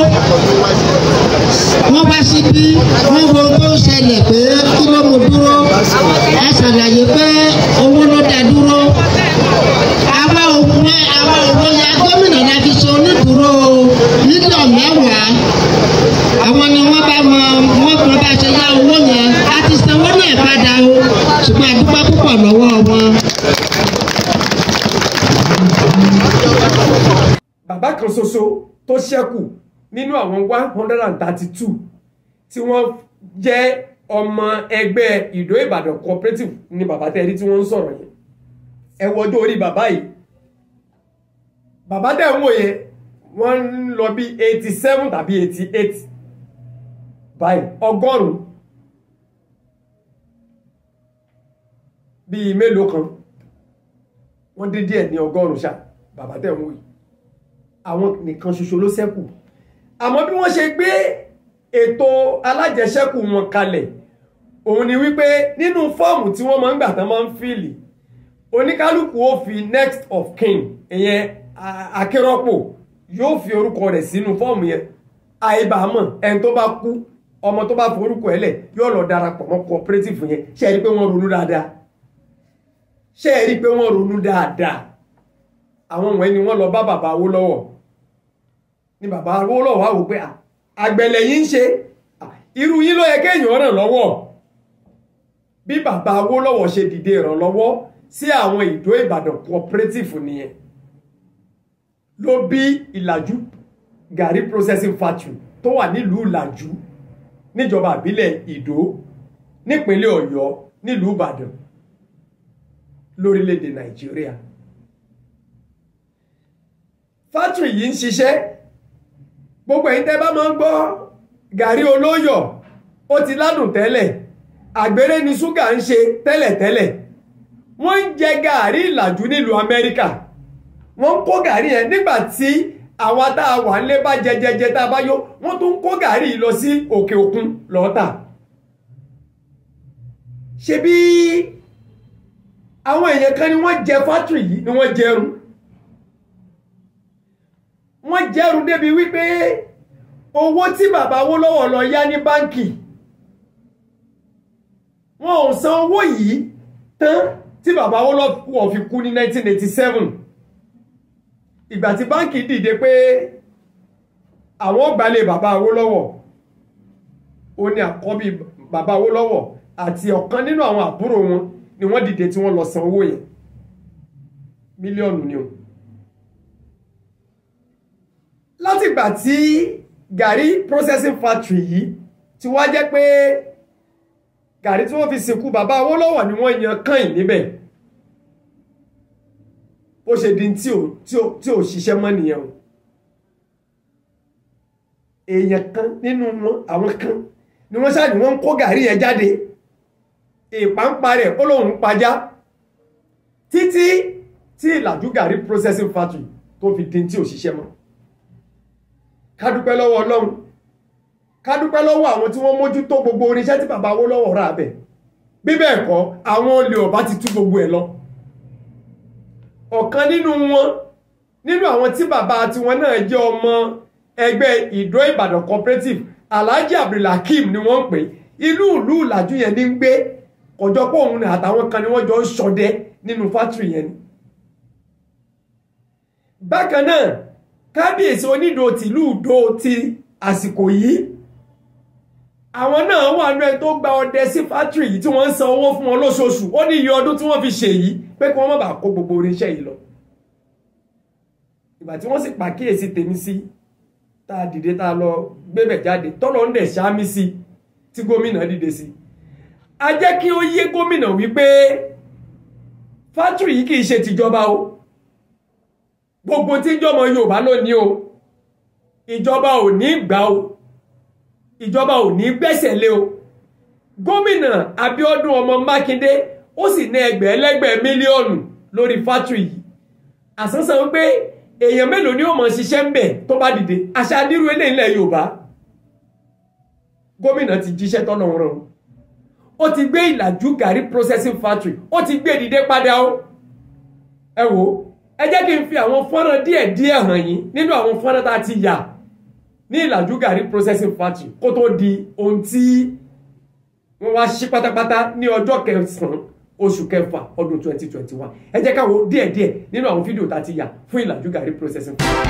wọ́n wá síbí wọ́n wo tó ṣẹlẹ̀ pé. bẹ́ẹ̀ fada o ṣùgbọ́n àdúgbò púpọ̀ lọ́wọ́ wọn. bàbá kan ṣoṣo tó ṣẹ́kù nínú àwọn one hundred and thirty two tí wọ́n jẹ́ ọmọ ẹgbẹ́ ìdó ìbàdàn cooperative ni bàbá tẹ́rí tí wọ́n ń sọ̀rọ̀ yẹn ẹ wo ọjọ́ orí bàbá yìí bàbá dẹ̀ ń wò yẹn wọ́n ń lọ bí eighty seven tàbí eighty eight báyìí ọgọ́rùn-ún bíi mélòó kan wọ́n dé díẹ̀ ní ọgọ́rùn-ún ṣá bàbá tẹ̀ ń wò yìí àwọn nìkan ṣoṣo ló ṣẹ́kù àmọ́ bí wọ́n ṣe gbé ètò alájẹṣẹ́kù wọn kalẹ̀ òun ni wípé nínú fọ́ọ̀mù tí wọ́n máa ń gbà tán máa ń fìlì oníkálukú ó fi next of kin ìyẹn akérọ́pò yóò fi orúkọ rẹ̀ sínú fọ́ọ̀mù yẹn àìbámọ̀ ẹni tó bá kú ọmọ tó bá forúkọ ẹ̀ lẹ̀ yóò lọ darapọ̀ mọ́ cooperative yẹn ṣe é rí i pé wọ́n ronú dáadáa ṣé ẹ rí i pé wọ́n ronú dáadáa àwọn wọ̀nyí ni wọ́n lọ bá bàbá Awólọ́wọ̀ ni bàbá Awólọ́wọ̀ wá wò pé àgbẹ̀lẹ̀ yìí ń ṣe irú yín ló yẹ kéèyàn ràn lọ́wọ́ bí bàbá Awólọ́wọ̀ ṣe dìde ìrànlọ́wọ́ sí àwọn Ìdó Ìbàdàn cooperative nìyẹn ló bí Ìlàjú gàrí processing factory tó wà nílùú Ìlàjú níjọba ìbílẹ̀ Ìdó nípínlẹ̀ Ọ̀yọ́ nílùú Ìbàdàn lórílẹ̀‐èdè nàìjíríà fátìrì yìí ń ṣiṣẹ́ gbogbo ẹ̀yin tẹ́ bá máa ń gbọ́ gàrí olóyọ̀ ó ti ládùn tẹ́lẹ̀ àgbèrè ni ṣúgà ń ṣe tẹ́lẹ̀tẹ́lẹ̀ wọ́n ń jẹ gàrí ìlàjú nílùú amẹ́ríkà wọ́n ń kó gàrí yẹn nígbà tí àwa tá a wà nílé bá jẹjẹjẹ tá a bá yó wọ́n tún ń kó gàrí lọ sí òkè òkun lọ́ọ́tà ṣebí àwọn èèyàn kan ni wọ́n jẹ fátìrì yìí ni wọ́n jẹrù wọ́n jẹrù débi wípé owó tí bàbá wó lọ́wọ́ lọ yá ní báǹkì wọn ò san owó yìí tán tí bàbá wó lọ́wọ́ fi kú ní 1987 ìgbà tí báǹkì dìde pé àwọn gbalẹ̀ bàbá wó lọ́wọ́ ó ní àkọ́bí bàbá wó lọ́wọ́ àti ọ̀kan nínú àwọn àbúrò wọn ni wọ́n dìde tí wọ́n lọ san owó yẹn mílíọ̀nù ni o látìgbà tí gàrí processing factory yìí ti wá jẹ́ pé gàrí tí wọ́n fi sìnkú bàbá Awólọ́wọ̀ ni wọ́n yan kàn níbẹ̀ bó ṣe di tí ò tí ò ṣiṣẹ́ mọ́ nìyẹn o èèyàn kan nínú àwọn kan ni wọ́n ṣáà ní wọ́n ń kó gàrí yẹn jáde ìpàǹpa rẹ̀ ó lóun pajá títí tí ìlàjú processing factory tó fi dín tí ò ṣiṣẹ́ mọ́ ká dúpẹ́ lọ́wọ́ ọlọ́run ká dúpẹ́ lọ́wọ́ àwọn tí wọ́n mójútó gbogbo oníṣẹ́ tí bàbá Awólọ́wọ̀ rà bẹ̀ bí bẹ́ẹ̀ kọ́ àwọn olè ọ̀bá ti tú gbogbo ẹ̀ lọ ọ̀kan nínú wọn nínú àwọn tí bàbá tiwọn náà jẹ́ ọmọ ẹgbẹ́ Ìdó Ìbàdàn cooperative Alhaji Abdulhakeem ni wọ́n ń pè inú ìlú ìlàjú yẹn ní ń gbé kọjọ pé òun ni àtàwọn kan ni wọ́n jọ ń ṣọdẹ nínú fátìrì yẹn ni bákan náà kábíyèsí onídò tìlú ìdó ti àsìkò yìí àwọn náà wà ní ẹni tó gba ọdẹ sí fátìrì yìí tí wọ́n ń san owó fún wọn lóṣooṣù ó ní iye ọdún tí wọ́n fi ṣèyí pé kí wọ́n má bàa kó gbogbo oníṣẹ́ yìí lọ ìgbà tí wọ́n sì pàkíyèsí tèmi sí tá a dìde tá a lọ gbébẹ̀ jáde tọ́lọ́ ń dẹ̀ ṣáámi sí tí gómìnà dìde sí i a jẹ́ kí ó yé gómìnà wípé fátìrì yìí kì í ṣe tìjọba o gbogbo tí ń jọmọ Yorùbá ló ní o ìjọba ò ní gbà o ìjọba ò ní gbẹ́sẹ̀ lé o gómìnà Abíọ́dún ọmọ Mákindé ó sì ní ẹgbẹ̀ẹ́lẹ́gbẹ̀ẹ́ mílíọ̀nù lórí fátìrì yìí àsánsán wípé èèyàn mélòó ni ó mọ̀ ṣiṣẹ́ ń bẹ̀ tó bá dìde àṣà nírú eléyìí ilẹ̀ Yorùbá gómìnà ti jíṣẹ́ tọ́lọ́run rọrùn O ti gbé ìlàjú gàrí processing factory O ti gbé dìde padà ó ẹ wò ó ẹ jẹ́ kí n fi àwọn fọ́nrán díẹ̀ díẹ̀ hàn yín nínú àwọn fọ́nrán tá ti yà ní ìlàjú gàrí processing factory kó tó di ohun tí wọ́n wá sí pátápátá ní ọjọ́ kẹsàn-án oṣù kẹfà ọdún 2021 ẹ jẹ́ káwọn díẹ̀ díẹ̀ nínú àwọn fídíò tá a ti yà fún ìlàjú gàrí processing factory.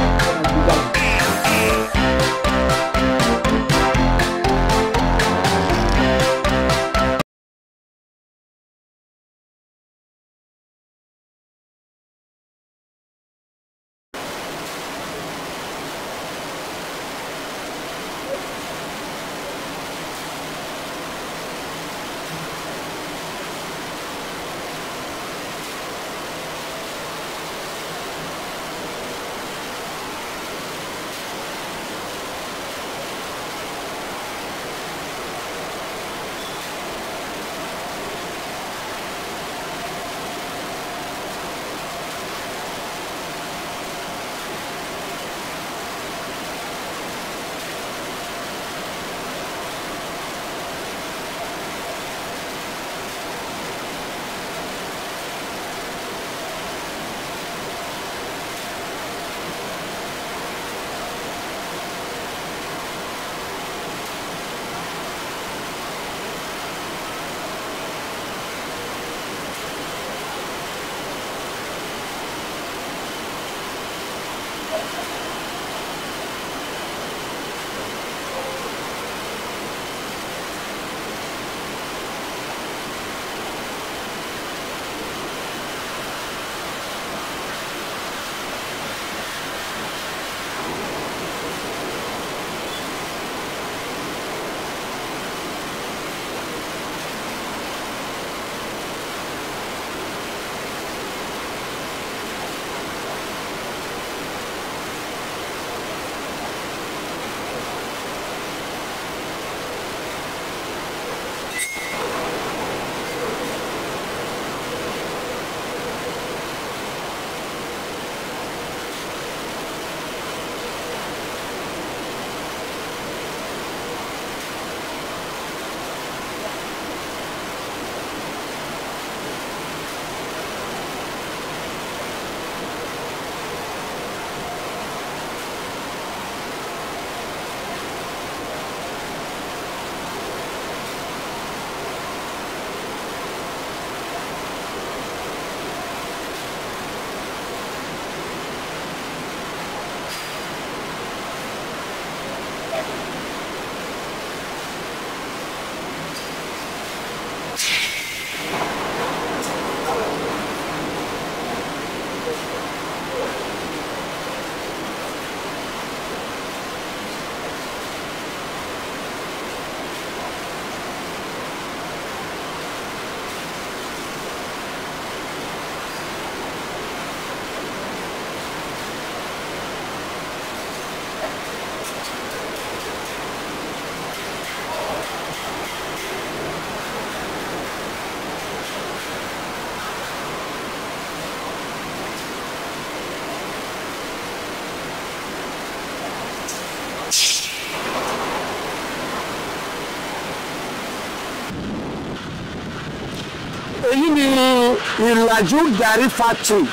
ìlàjú gàrí factory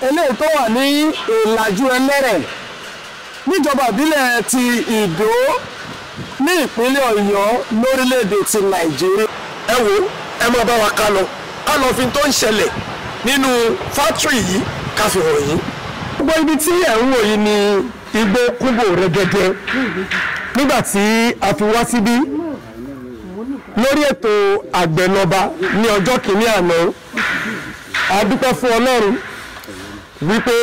eléyìí tó wà ní ìlàjú ẹlẹ́rẹ̀ níjọba ìbílẹ̀ ti ìdó ní ìpínlẹ̀ ọ̀yọ́ lórílẹ̀‐èdè ti nàìjíríà. ẹ wo ẹ máa bá wa ká lọ ká lọ fi tó ń ṣẹlẹ̀ nínú fátírì yìí ká fi hàn yín. gbogbo ibi tí ẹ̀ ń wò yìí ni igbó kúbò rẹ́gẹ́dẹ́ nígbà tí a fi wá síbí lórí ètò àgbẹ̀nọba ní ọjọ́ kìíní àná adúpẹ́ fún ọlọ́run wípé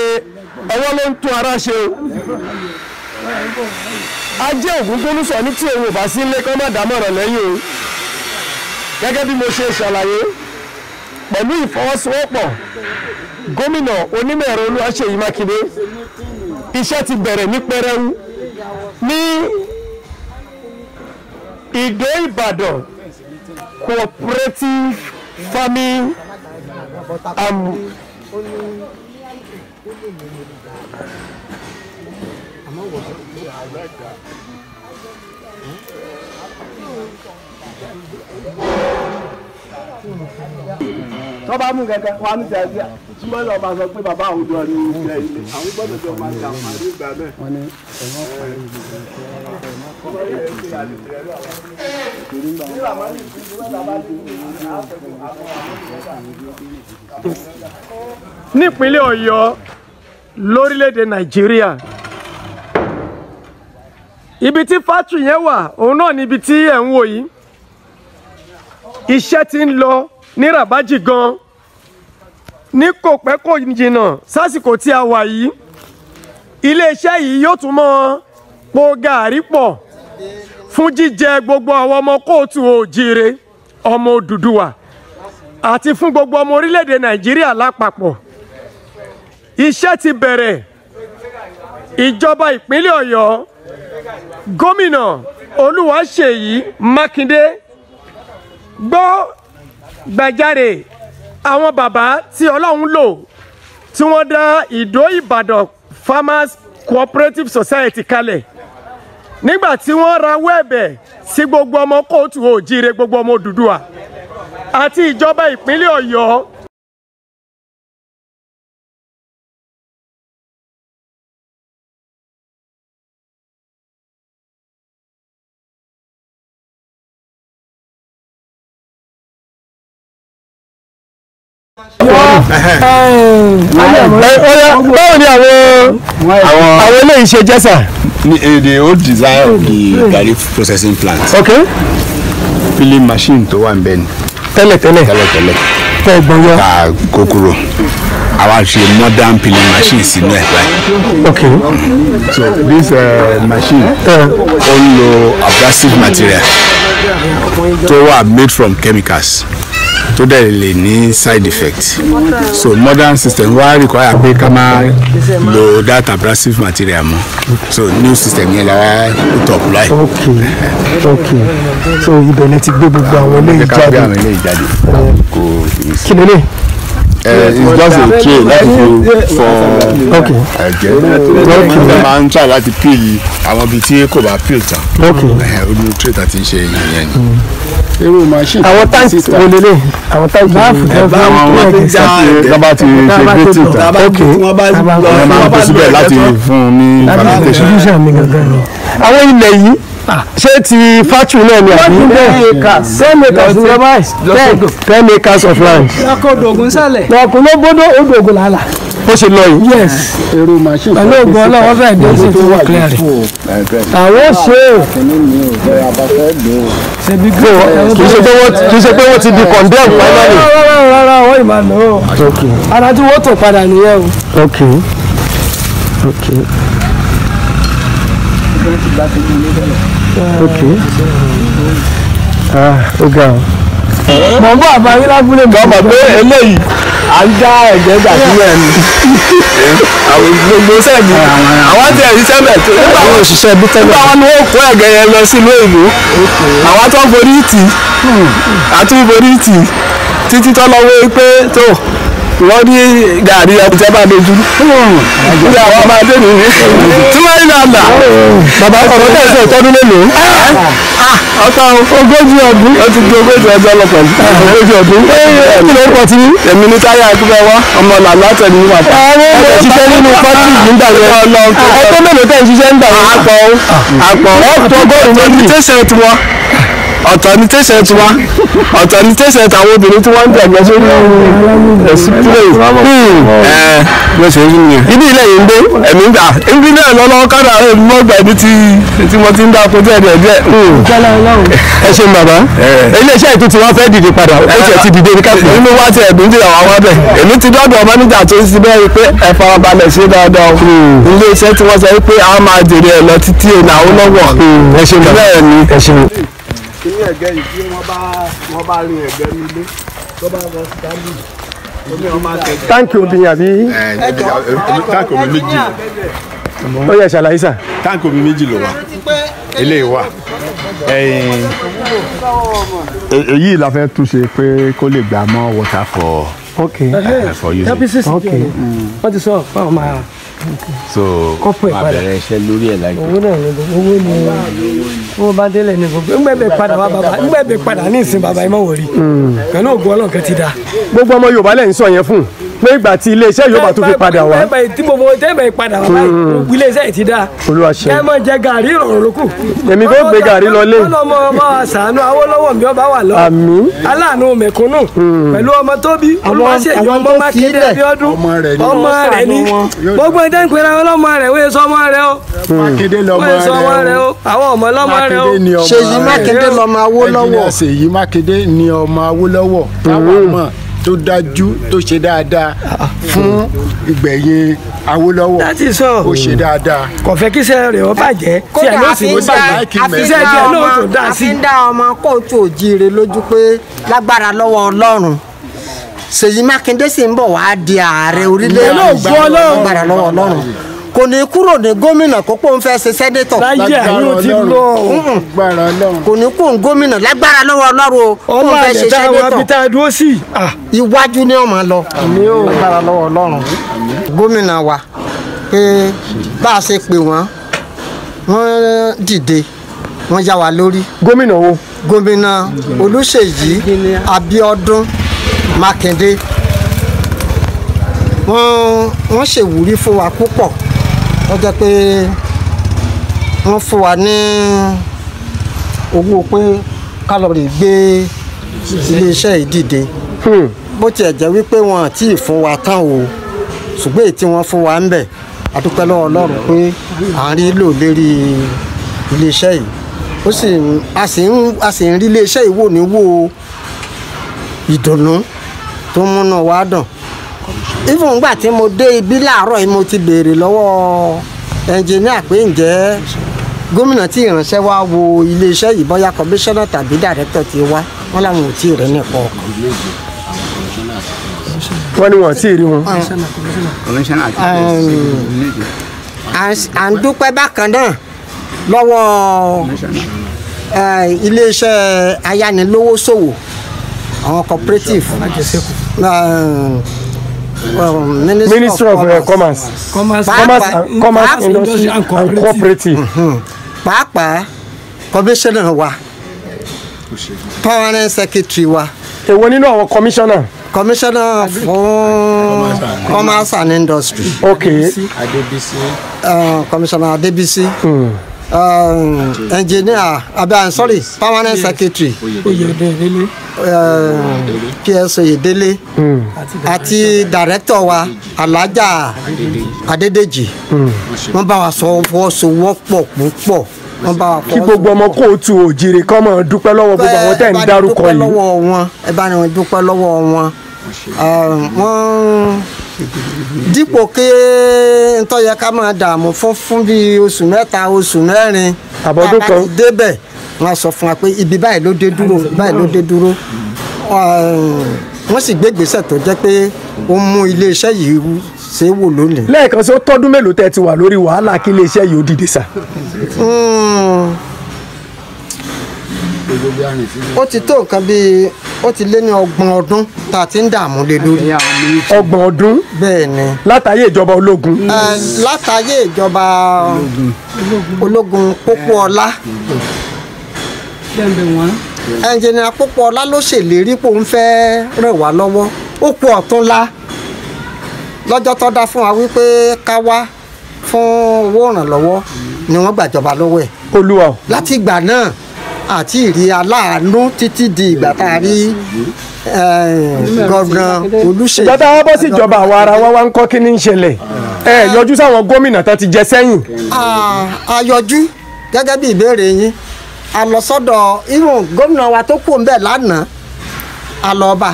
ọwọ́ ló ń tún ara ṣe o ajé ògúngúnúsọ ní tí òun ò bá sí ilé kán má dámọ̀ràn lẹ́yìn o gẹ́gẹ́ bí mo ṣe ṣàlàyé pẹ̀lú ìfọwọ́sowọ́pọ̀ gómìnà onímọ̀ ẹ̀rọ Olúwaṣèyí Mákindé iṣẹ́ ti bẹ̀rẹ̀ ní pẹrẹwu ní Ìdó Ìbàdàn cooperative farming àmì. tọ́ bá mú kẹ̀kẹ́ wa ní tẹ̀síà túbọ̀ lọ máa sọ pé bàbá àwùjọ ni ilẹ̀ ilé àwọn gbọ́dọ̀ jọ máa ṣe àǹfààní ìgbà náà nípínlẹ̀ Ọ̀yọ́ lórílẹ̀‐èdè Nàìjíríà ibi tí fátìrì yẹn wà òun náà ni ibi tí ẹ̀ ń wò yìí iṣẹ́ ti ń lọ ní Rabaji gan ní kò pẹ́ kò jìnnà sásìkò tí a wà yìí iléeṣẹ́ yìí yóò tún mọ́ po gàárì pọ̀ fún jíjẹ gbogbo àwọn ọmọ kóòtù òjíire ọmọ Odùduwà àti fún gbogbo ọmọ orílẹ̀-èdè Nàìjíríà lápapọ̀ iṣẹ́ ti bẹ̀rẹ̀ ìjọba ìpínlẹ̀ Ọ̀yọ́ gómìnà Olúwaṣèyí Mákindé gbọ́ gbàjáre àwọn bàbá tí Ọlọ́run lò tí wọ́n dá Ìdó Ìbàdàn Farmers Cooperative Society kalẹ̀ nígbà tí wọ́n rawọ́ ẹ̀bẹ̀ sí gbogbo ọmọ kóòtù òjíire gbogbo ọmọ Odùduwà àti ìjọba ìpínlẹ̀ Ọ̀yọ́ báwo ni àwọn àwọn eléyìí ṣe jẹ́ sà. the old design of the garri processing plant. okay. filling machine tó wà nbẹ ni. tẹ́lẹ̀tẹ́lẹ̀ tẹ́lẹ̀tẹ́lẹ̀ tẹ́ ẹ̀gbọ́n yọ. ká kó kúrò àwa ṣe modern peeling machine sínú ẹ̀ báyìí. okay. so this uh, machine ó ń lo abrasive material tó wà made from chemicals tó dẹ̀ lè ní side effect so modern system wá require pé ká má lo that abrasive material mọ́ so new system yẹn la wá put up láì. ok ok so ibẹ̀ lẹ ti gbé gbogbo àwọn ilé ìjáde kò kí lélẹ̀. Uh, eh, it's just a tray láti fi fọ ẹ̀jẹ̀ ẹ máa ń tà láti peel àwọn ibi tí kò bá peel tán olú eh, tray tàti ń ṣe ìyẹn ni. Mm irú machine. àwọn tank wo lélẹ̀ àwọn tank wo lélẹ̀. ẹ̀bá àwọn ọmọ tó já ẹ̀jẹ̀ tábà ti ṣe gbẹ́tì tán ok wọ́n bá lọ sí ọ̀rọ̀ tó síbẹ̀ láti fún un ní fermentation. àwọn ilẹ̀ yìí Ah, ṣé ti factory náà ni àbí ten acres ní ọba ẹ̀ ten acres of land. lọkọdọ ogun sálẹ̀. lọkùn ló bọ́dọ̀ odò ogun làálà. ó ṣe lọ yìí. yes èrò machine. pẹ̀lú ògùn ọlọ́wọ́ fẹ́ẹ́ dé sí tó clear àwọn ṣe o. kì í ṣe pé wọ́n ti di condemn finally. rárá rárá wọ́n ì máa lọ. ara tí wọ́n tò padà nìyẹn o. ok ok. okay tó ti gba tèmi ilé tẹ́lẹ̀. ok ó ga ọ. mọ̀ bá àbáyé lábúlé mi. gbọ́dọ̀ pé eléyìí à ń já ẹ̀jẹ̀ gbà sílẹ̀ ni gbogbo sẹ́ẹ̀bù àwọn tí ẹ̀rí sẹ́ẹ̀bẹ̀ tó nígbà ni wọ́n kó ẹ̀gẹ́ yẹn lọ sí ìlú èlò àwọn tó ń forí tì àtúnforí tì títí tọ́lọ́wọ́ pé tó wọ́n ní gàrí ọtí bá mi dúró ní àwọn ọmọ adé mi ní tí wọ́n yí bàbá ọ̀rọ̀ náà ṣe ìtọ́dún mélòó. ọ̀tọ̀ ogójì ọdún ó ti di ogójì ọjọ́ lọ pẹ̀lú ogójì ọdún. kí ló ń pọ̀ sí i. èmi ni táyà àdúgbò ọmọ làlá tẹ̀lé ní bàbá. ẹ ṣiṣẹ́ nínú pọ́tì nígbà yẹn. ọjọ́ mélòó tẹ̀ ń nígbà yẹn. àpọ̀ ọ̀tọ̀ ni tẹ̀sẹ̀ tiwa ọ̀tọ̀ ni tẹ̀sẹ̀ tàwọn obìnrin tí wọ́n ń dàgbà sórí ẹ̀sìpìlẹ̀ hmm. ẹ̀ ibi ilẹ̀ yìí ń gbé ẹ̀mí gbà ibi náà lọ́lọ́wọ́ kára mọ́ gbà ibi tí tí ti ń dáko díẹ̀ díẹ̀ díẹ̀. Hmm. ẹ ṣe ń bàbá iléeṣẹ́ ètò tí wọ́n fẹ́ dìde padà ó tiẹ̀ ti dìde ní káàkiri. inú wa ti ẹ̀dùn jìnnà wá wá bẹ̀ èmi ti dọ́dọ̀ mọ́níjà tó ń sibẹ́ rí pé ẹ farabalẹ̀ ṣe dáadáa o hmm. iléeṣẹ́ tí wọ́n sọ pé a máa jèrè ẹ̀ lọ títí ẹ̀ náà ó lọ́wọ́ ẹ ṣe ń bàbá ẹ̀gẹ́ yìí tí wọ́n bá wọ́n bá rí ẹ̀gẹ́ ní ilé tó bá lọ sí dáńdì omi ọmọ akẹ́kẹ́. táǹkì omi àbí. táǹkì omi méjì ó yẹ ṣàlàyé sà. táǹkì omi méjì ló wà eléyìí wà èyí la fẹ́ túnṣe pé kó lè gbà mọ́ water for. ok uh, for using. ok mm. wọ́n ti sọ fáwọn máa so máa bẹ̀rẹ̀ iṣẹ́ lórí ẹ̀ láìpẹ́. owó náà ni owó ni owó bá délẹ̀ ni gbogbo ngbẹ̀bẹ̀ padà wá bàbá ngbẹ̀bẹ̀ padà ní ìsìn bàbá ẹ̀ mọ̀ wọ̀rí pẹ̀lú ògùn ọlọ́ọ̀kẹ́ ti da. gbogbo ọmọ Yorùbá lẹ́yìn sọ yẹn fún un pé ìgbà tí iléeṣẹ́ yóò bá tó fi padà wá. tí mo mọ tẹ́ẹ̀mẹ̀ ìpadà wá báyìí hmm. iléeṣẹ́ yìí ti dáa. olùwàṣẹ ẹ mọ jẹ gàrí ìrọ̀rùn lókù. èmi kò gbé gàrí lọlé. ọlọmọ ọmọ àṣàánú Awólọ́wọ̀ mi ọba wà lọ. àmín. aláàánú mẹ̀kúnnù hmm. pẹ̀lú ọmọ tóbi olùwàṣẹyìn ọmọ mákindé abiodun ọmọ rẹ ni gbogbo ẹdẹ ń pera ọlọmọ rẹ wọ́n sọ ọmọ rẹ o. mákindé lọmọ rẹ o. àwọn ọmọ tó dájú tó ṣe dáadáa fún ìgbẹ̀yìn Awólọ́wọ̀ ó ṣe dáadáa. kò fẹ́ kí sẹ́yìn rẹ̀ tí ẹ̀ ló sì ń bàjẹ́ àfi sẹ́yìn rẹ̀ ló tó dá sí. àfi ń dá ọmọ kóòtù òjíire lójú pé lágbára lọ́wọ́ Ọlọ́run Ṣèyí Mákindé sì ń bọ̀ wá di ààrẹ orílẹ̀-èdè gbàgbọ́ lọ́wọ́ Ọlọ́run kò ní kúrò ní gómìnà kó pòun fẹ́ ṣe sẹ́nétọ̀. láyé àyò ti lọ gbàrà lọ́wọ́. kò ní kún gómìnà lágbára lọ́wọ́ ọlọ́run o pòun fẹ́ ṣe sẹ́nétọ̀. ọmọ àjẹta wa bí tá a dúró sí. iwájú ni ó máa lọ lágbára lọ́wọ́ ọlọ́run gómìnà wa pé bá a ṣe pè wọ́n wọ́n dìde wọ́n yá wa lórí. gómìnà wo. gómìnà olùṣèyí abíọ́dún mákindé wọ́n ṣèwúrí fún wa púpọ̀ ó jẹ́ pé wọ́n fún wa ní owó pé ká lọ rè gbé iléeṣẹ́ yìí dìde hmm. bó tiẹ̀ jẹ́ wípé wọn àti ìfún wa tán o ṣùgbọ́n èyí tí wọ́n fún wa ń bẹ̀ adúpẹ́ ọlọ́run pé à ń rí lò lérí iléeṣẹ́ yìí ó sì a sì ń a sì ń rí iléeṣẹ́ yìí wò ní wò ìdùnnú tó múnú wa dùn even ngbà tí mo dé ibi láàárọ̀ yìí mo ti béèrè lọ́wọ́ ẹnjìníà pé ǹjẹ́ gómìnà tí ìránṣẹ́ wá wo iléeṣẹ́ yìí bóyá kọmíṣánná tàbí dàrẹ́tọ̀ ti wá wọn làwọn ò tí ì rẹ nípa ọkọ̀. wọ́n ní wọ́n tí ì rí wọn. à ń dúpẹ́ bákan náà lọ́wọ́ iléeṣẹ́ ayánilówóṣòwò àwọn cooperative. Minister ministry, of, of uh, commerce commerce commerce and commerce industry and cooperative. pàápàá mm-hmm. commissioner wa permanent secretary wa. when you know our commissioner. commissioner of commerce and industry. okay adebisi. Uh, commissioner adebisi. Hmm um, engineer abi i'm sorry yes. permanent yes. secretary oyedele ps oyedele àti um, hmm. director wa alaja. adedeji hmm. wọ́n bá wa sọ fọwọ́sowọ́pọ̀ púpọ̀ wọ́n bá wa fọwọ́sowọ́pọ̀. kí gbogbo ọmọ kóòtù òjìrè kọ́ mọ̀ dúpẹ́ lọ́wọ́ gbogbo àwọn tẹ̀ ń dárúkọ yìí. ẹ bá ní dúpẹ́ lọ́wọ́ wọn ẹ bá ní dúpẹ́ lọ́wọ́ wọn wọ́n dípò ké ntọ́ yẹ ká máa dààmú fún fún bíi oṣù mẹ́ta oṣù mẹ́rin àbọ̀dún kan débẹ̀ wọ́n sọ fún wa pé ibi báyìí ló dé dúró báyìí ló dé dúró wọ́n sì gbé ìgbésẹ̀ tó jẹ́ pé ó mú iléeṣẹ́ yìí ṣe é wò lónìí. lẹ́ẹ̀kan sí ó tọ́dún mélòó tẹ́ ti wà lórí wàhálà kí iléeṣẹ́ yìí ó dìde sà ó ti tó nǹkan bíi ó ti lé ní ọgbọ̀n ọdún tá a ti ń dààmú lé lórí. ọgbọ̀n ọdún. bẹ́ẹ̀ ni. látàyè ìjọba ológun. látàyè ìjọba ológun pópó ọlá. ẹnjìnìà pópó ọlá ló ṣèlérí pé òun fẹ́ẹ́ ràn wá lọ́wọ́ ó kú ọ̀tún la lọ́jọ́ tó dá fún wa wípé ká wá fún owó ìrànlọ́wọ́ ni wọ́n gbàjọba lọ́wọ́ ẹ̀. olúwa o. láti ìgbà náà àti ìrí aláàánú títí di ìgbà tá a rí eh, gọ́gán olùṣèlú. ìjọba wa bọ́ sí ìjọba àwa ara wa wá ń kọ́ kí ni ń ṣẹlẹ̀ ẹ yọjú sáwọn gómìnà tó ti jẹ sẹ́yìn. a yọjú gẹ́gẹ́ bí ìbéèrè yín a lọ sọ́dọ̀ irun gómìnà wa tó kù ń bẹ̀ lánàá a lọ bá.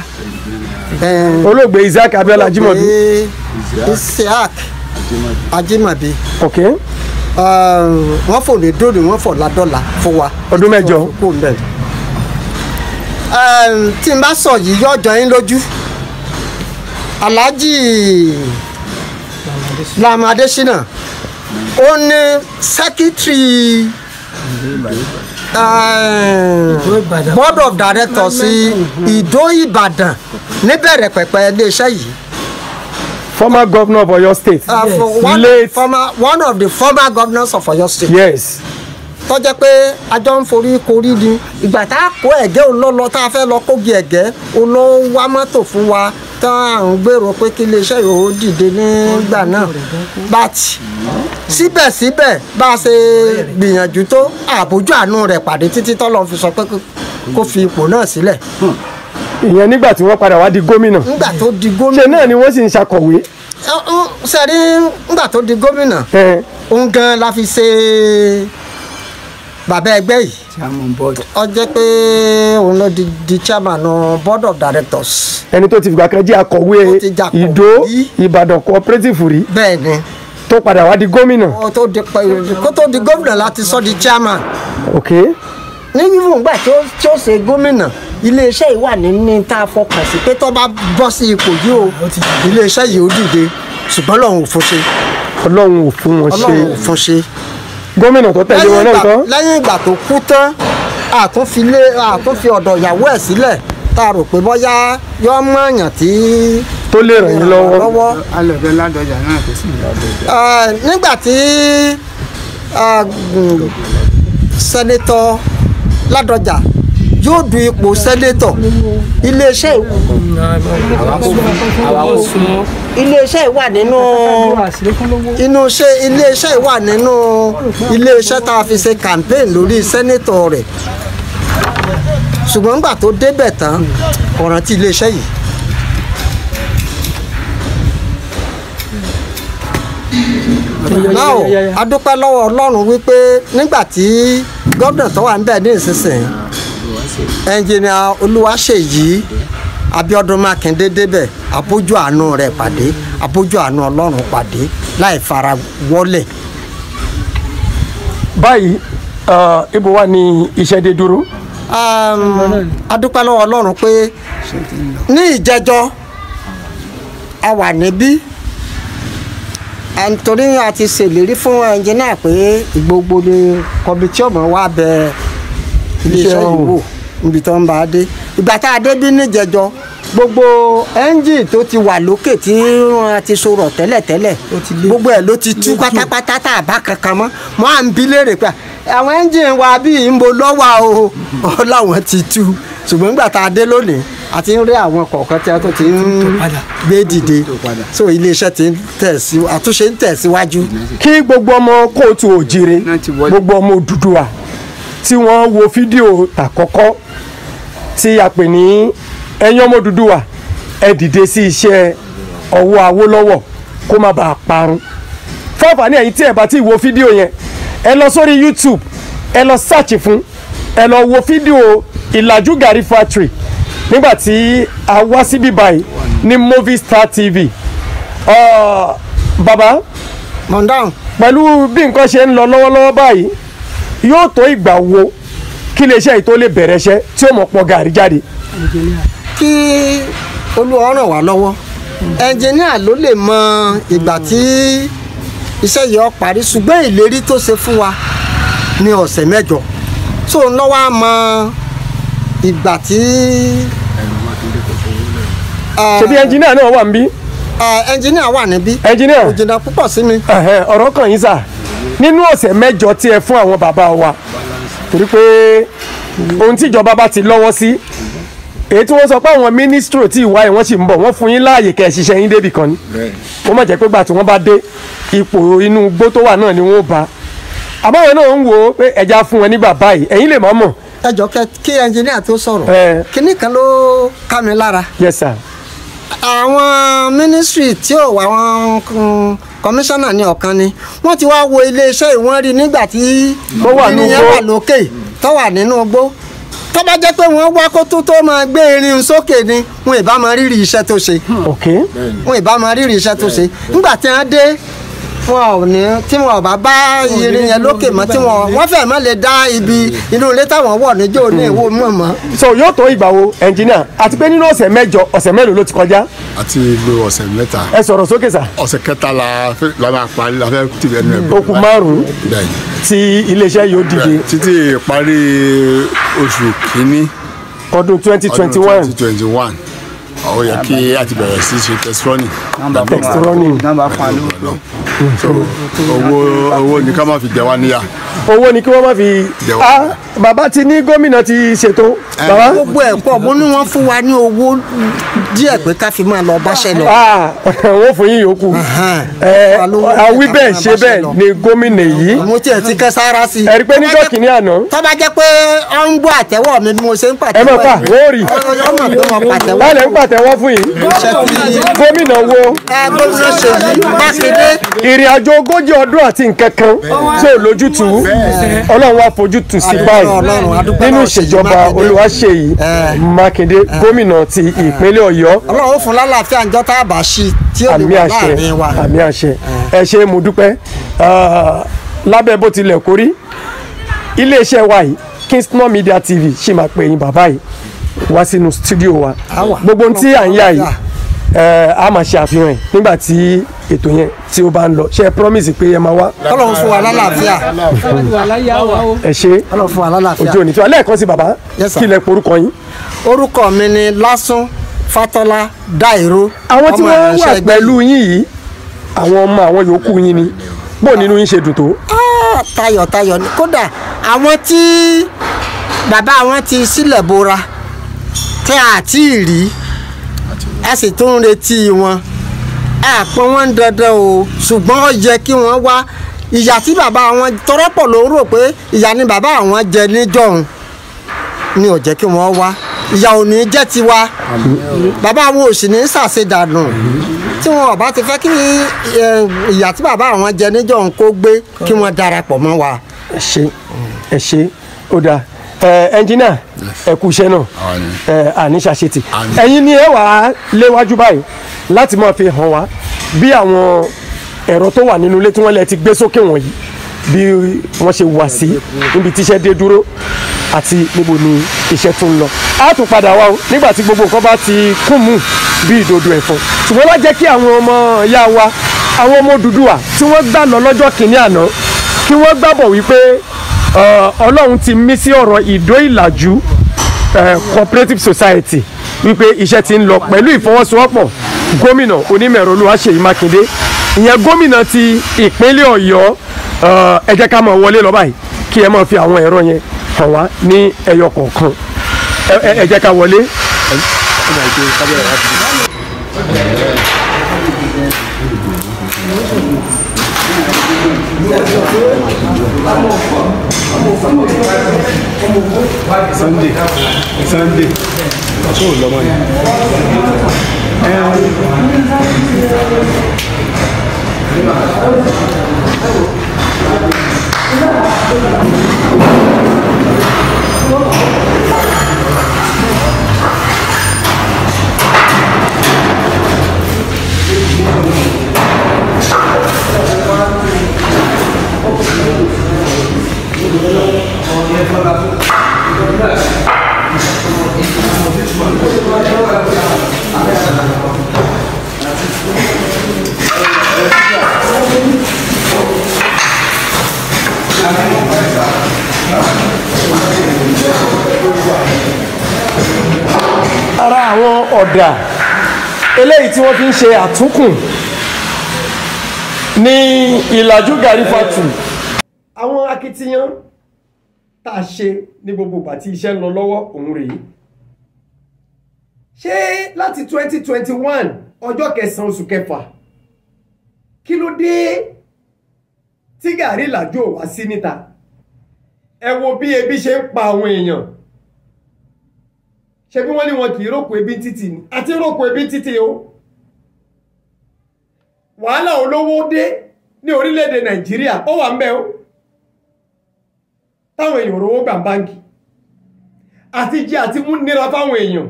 olóògbé Isaac Abiola Ajimobi. Isaac Ajimobi. ok. Uh, wọ́n fò ní dóni wọ́n fò ládọ́la fún wa. ọdún mẹ́jọ um, tí n bá sọ yìí yóò jọ yín lójú Alhaji Lam Adesina ó ní sẹ́kítírì um, board of directors Ìdó Ìbàdàn níbẹ̀rẹ̀ pẹ̀pẹ̀ iléeṣẹ́ yìí former governor of Oyo State. Uh, yes. one, late former, one of the former governors of Oyo State. yes. tó jẹ́ pé ajọ́ ń forí korí ni ìgbà tá a kó ẹ̀gẹ́ olólọ tá a fẹ́ lọ kógi ẹ̀gẹ́ olówó wá mọ́tò fún wa tán à ń gbèrò pé kí iléeṣẹ́ yòó dìde nígbà náà but síbẹ̀síbẹ̀ bá a ṣe gbìyànjú tó àbójú àánú rẹ̀ pàdé títí tọ́lọ́ fi sọ pé kó fi ipò náà sílẹ̀. Hmm ìyẹn nígbà tí wọ́n padà wá di gómìnà. nígbà tó di gómìnà. ṣe náà ni wọ́n sì ń ṣàkọ̀wé. sẹ́rí nígbà tó di gómìnà. òun gan la fi ṣe bàbá ẹgbẹ́ yìí. chairman board. ó pé òun ló di chairman board of directors. ẹni tó ti fìgbà kan jẹ́ akọ̀wé ìdó ìbàdàn cooperative rí. bẹ́ẹ̀ni. tó padà wá di gómìnà. kó tó di gómìnà láti sọ di chairman. ok. ní yíyún ìgbà tí ó ṣe gómìnà iléeṣẹ́ yìí wà ní tá a fọkàn sí pé tó bá bọ́ sí ipò yìí o iléeṣẹ́ yìí ó dìde ṣùgbọ́n ọlọ́run ò fún ṣe. ọlọ́run ò fún wọn ṣe ọlọ́run ò fún ṣe. gómìnà tó tẹ̀lé wọn náà tán. lẹ́yìn ìgbà tó kú tán àtúnfi ọ̀dọ̀ ìyàwó ẹ̀ sílẹ̀ tá a rò pé bóyá yọ mọ́ èèyàn tí tó lè ràn yín lọ́wọ́. alẹ́bẹ̀ ládọjà náà kò sí ládọjà. nígbà tí sẹ́nitọ́ ládọjà yóò du ipò sẹ́nétọ̀ iléeṣẹ́ iléeṣẹ́ wà nínú inú ṣe iléeṣẹ́ wà nínú iléeṣẹ́ tá a fi ṣe campaign lórí sẹ́nétọ̀ rẹ̀ ṣùgbọ́n nígbà tó débẹ̀ tán ọ̀ràn ti iléeṣẹ́ yìí náà adúpẹ́ lọ́wọ́ ọlọ́run wípé nígbà tí gómìnà tó wà ń bẹ̀ ní ìsinsìnyí ẹnjìnìà olúwaṣèyí abíọ́dún mákindé débẹ̀ abójú àánú rẹ̀ pàdé abójú àánú ọlọ́run pàdé láì fara wọlé. báyìí ibo wà ní iṣẹ́ dé dúró. adúpẹ́ lọ́wọ́ ọlọ́run pé ní ìjẹ́jọ́ a wà níbí nítorí a ti ṣèlérí fún ẹnjìnìà pé gbogbo ni kọ́mítì ọ̀mọ̀ wà bẹ́ẹ̀ iléeṣẹ́ ìwò níbi tó ń bá a dé ìgbà tá a dé bí níjẹjọ gbogbo ẹ́ńjìn tó ti wà lókè tí wọ́n ti sọ̀rọ̀ tẹ́lẹ̀tẹ́lẹ̀ gbogbo ẹ̀ ló ti tú pátápátá tá a bá kankan mọ́ mọ́ à ń bi léèrè pé àwọn ẹ́ńjìn wa bíi ń bo lọ́wọ́ o ọláwọn ti tú ṣùgbọ́n nígbà tá a dé lónìí a ti ń rí àwọn kọ̀ọ̀kan tí a tó ti ń gbé dìde so iléeṣẹ́ ti ń tẹ̀síwájú àtúnṣe ń tẹ̀síwájú. kí gbogbo ọmọ kóòtù òjìrè gbogbo ọmọ Odùduwà tí wọ́n wo fídíò tàkọ́kọ́ tí a pè ní ẹ̀yin ọmọ Odùduwà ẹ dìde sí iṣẹ́ ọwọ́ Awólọ́wọ̀ kó má bàa parun fọ́ọ̀fà ní ẹ̀yin tí ẹ bá ti wo fídíò yẹn ẹ lọ sórí YouTube ẹ lọ search fún ẹ lọ wo fídíò ìlàjú gàrí factory nígbà tí a wá síbí báyìí ní star TV baba pẹ̀lú bí nǹkan ṣe ń lọ lọ́wọ́lọ́wọ́ báyìí yóò tó ìgbà wo kí iléeṣẹ́ yìí tó lè bẹ̀rẹ̀ iṣẹ́ tí ó mọ̀ pọ̀ gàrí jáde. kí olúwa ràn wá lọ́wọ́ ẹnjìníà ló lè mọ ìgbà tí iṣẹ́ yìí ó parí ṣùgbọ́n ìlérí tó ṣe fún wa ní ọ̀sẹ̀ mẹ́jọ tó ń lọ́wọ́ á mọ ìgbà tí. ṣebí ẹnjìníà eh, náà wà níbí. ẹnjìníà eh, wà níbí. ẹnjìníà òjìnà púpọ̀ sí mi. ọ̀rọ̀ kan yín sà nínú ọ̀sẹ̀ mẹ́jọ tí ẹ fún àwọn bàbá wa torí pé ohun tíjọba bá ti lọ́wọ́ sí èyí tí wọ́n sọ pé àwọn mínísítírò tí ìwà ẹ̀ wọ́n sì ń bọ̀ wọ́n fún yín láàyè kẹ́ ẹ̀ ṣiṣẹ́ yín débì kan ni wọ́n má jẹ́ pé gbà tí wọ́n bá dé ipò inú igbó tó wà náà ni wọ́n bá àmọ́ àwọn náà ń wò ó pé ẹja fún wọn ní bàbá yìí ẹ̀yin lè má mọ̀. ẹ jọ kí ẹnjiníà tó sọ̀rọ̀ kinní kan ló ká mi lára. yes sir àwọn ministry tí ò wá àwọn kọmíṣánná mm, ní ọ̀kan ni wọ́n ti wá wo iléeṣẹ́ ìwọ́n nígbà tí ènìyàn wà lókè tó wà nínú igbó tó bá jẹ́ pé wọ́n wá kó tó máa gbé irin sókè ni wọn ì rírì iṣẹ́ tó ṣe wọn ì rírì iṣẹ́ tó ṣe nígbà tí wọ́n dé wọn ò ní tí wọn ò bá bá irin yẹn lókè mọ tí wọn wọn fẹẹ má lè dá ibi inú ilé táwọn wọ níjó ní ìwò mọ mọ. so yóò tó ìgbà wo ẹnjìnìà àti pé nínú ọ̀sẹ̀ mẹ́jọ ọ̀sẹ̀ mélòó ló ti kọjá. a ti lo ọ̀sẹ̀ mẹ́ta. ẹ sọ̀rọ̀ sókè sà. ọ̀sẹ̀ kẹta la lana parí la fẹ́ tìbẹ̀ nù ẹ̀. okùn márùn-ún tí iléeṣẹ́ yóò dìde. títí ìparí oṣù kínní. ọdún twenty twenty one. ọdún twenty twenty one ó yẹ kí a ti bẹ̀rẹ̀ sí ṣe tẹsirọ́nì. nọ́mbà fún wa nọ́mbà fún owó owó ni ká má fi jẹ wá níyà owó ni kí wọ́n má fi. bàbá ti ní gómìnà ti ṣètò. gbogbo ẹ̀ pọ̀ mo ní wọ́n fún wa ní owó díẹ̀ pé ká fi máa lọ báṣẹ lọ. Ah, wọ́n fún yín yòókù. àwí bẹ́ẹ̀ ṣe bẹ́ẹ̀ ni gómìnà yìí. mo tiẹ̀ ti kẹ́ sára sí i. ẹ̀rí pé níjọ́ kìíní àná. tó bá jẹ́ pé ọ ń gbọ́ àtẹ́wọ́ mi ni mo ṣe ń pàtẹ́wọ́. ẹ mọ̀ pa wọ́n rì. báyìí ń pàtẹ́wọ́ fún yìí. gómìnà wo. gómìnà ṣèyí mákindé. ìrìn àjò ogójì ọdún àti nǹkan kan tó lójútùú ọlọ́run wá fojú tù sí báyìí nínú ìṣèjọba olúwaṣeyì mákindé gómìnà ti ìpínlẹ̀ ọ̀yọ́. ọlọ́run ó fún lálàáfíà ń jọ́tà àbá sí tí ó lè wà láàrin wa. àmì àṣẹ ẹ ṣe mo dúpẹ́ ah, lábẹ́ bó tilẹ̀ kórí iléeṣẹ́ wa yìí Kingston Media TV ṣì máa pè yín bàbá yìí wá sínú stúdíò wa gbogbo ohun tí à ń yà yìí a máa ṣe àfihàn ẹ̀ nígbà tí ètò yẹn tí ó bá ń lọ ṣe é promise pé ẹ máa wá. Ọlọ́run fún wa lálàáfíà. ẹ ṣe Ọlọ́run fún wa lálàáfíà. ojú òní tí wàá lẹ́ẹ̀kan sí bàbá kí lẹ porúkọ yín. orúkọ mi ni lásán fatola dairo. àwọn tí wọ́n wà pẹ̀lú yín yìí àwọn ọmọ àwọn yòókù yín ni bó nínú yín ṣe dùn tó. tayọ̀tayọ̀ ah, kódà àwọn tí bàbá wọn ti sílẹ̀ bora tí a ti rí a sì tún ń retí wọn àpọ̀ wọn ń dandan o ṣùgbọ́n ó yẹ kí wọ́n wá ìyà tí bàbá wọn tọrọpọ̀ ló rò pé ìyà ni bàbá wọn jẹ níjọ̀hún ni ò jẹ́ kí wọ́n wá ìyà ò ní jẹ́ tiwa bàbá wọn ò sì ní ṣàṣedànù tí wọn ò bá ti fẹ́ kí ìyà tí bàbá wọn jẹ níjọ̀hún kó gbé kí wọ́n darapọ̀ mọ́ wa. ẹ ṣé ẹ ṣé ó dáa ẹnjìnà ẹkú iṣẹ́ náà àníṣàṣetì ẹ̀yin ni ẹ wà á léwájú báyìí láti máa fi hàn wá bí àwọn ẹ̀rọ tó wà nínú ilé tí wọ́n lè ti gbé sókè wọ̀nyí bí wọ́n ṣe wà sí níbi tíṣẹ́ dé dúró àti níbo ni iṣẹ́ tó ń lọ. a tún padà wá o nígbà tí gbogbo nǹkan bá ti kún mú bí ìdodo ẹ̀fọn ṣùgbọ́n wá jẹ́ kí àwọn ọmọ ìyá wa àwọn ọmọ Odùduwà tí wọ́n gbà lọ lọ́jọ́ kìíní àná kí wọ́n gbàgbọ́ wípé Eh, ọlọ́run ti mí sí ọ̀rọ̀ ìdó ìlàjú eh, cooperative society wípé iṣẹ́ ti ń lọ pẹ̀lú ìfọwọ́sowọ́pọ̀ gómìnà onímọ̀ẹ̀rọ Olúwaṣèyí Mákindé ìyẹn gómìnà ti ìpínlẹ̀ Ọ̀yọ́ eh, ẹ jẹ́ ká máa wọlé lọ báyìí kí ẹ máa fi àwọn ẹ̀rọ yẹn hàn wá ní ẹyọ kọ̀ọ̀kan ẹ jẹ́ ká wọlé. Thank you. Sunday Sunday tó lọ́mọ yìí Thank you. ara àwọn ọ̀dà eléyìí tí wọ́n fi ń ṣe àtúnkùn ní ìlàjú gàrí àwọn akitiyan tá a ṣe ní gbogbo ìgbà tí iṣẹ́ ń lọ lọ́wọ́ òun rèé ṣé láti 2021 ọjọ́ kẹsàn-án oṣù kẹfà kí ló dé tí gàrí làjò wá sí níta ẹ wo bí ebi ṣe ń pa àwọn èèyàn ṣe bí wọ́n ní wọn kì í ròkò ebi títì ni àti ròkò ebi títì o wàhálà olówó dé ní orílẹ̀-èdè nàìjíríà ó wà ń bẹ o táwọn èèyàn rówó gbà ń báǹkì àti jẹ àti mú nira fáwọn èèyàn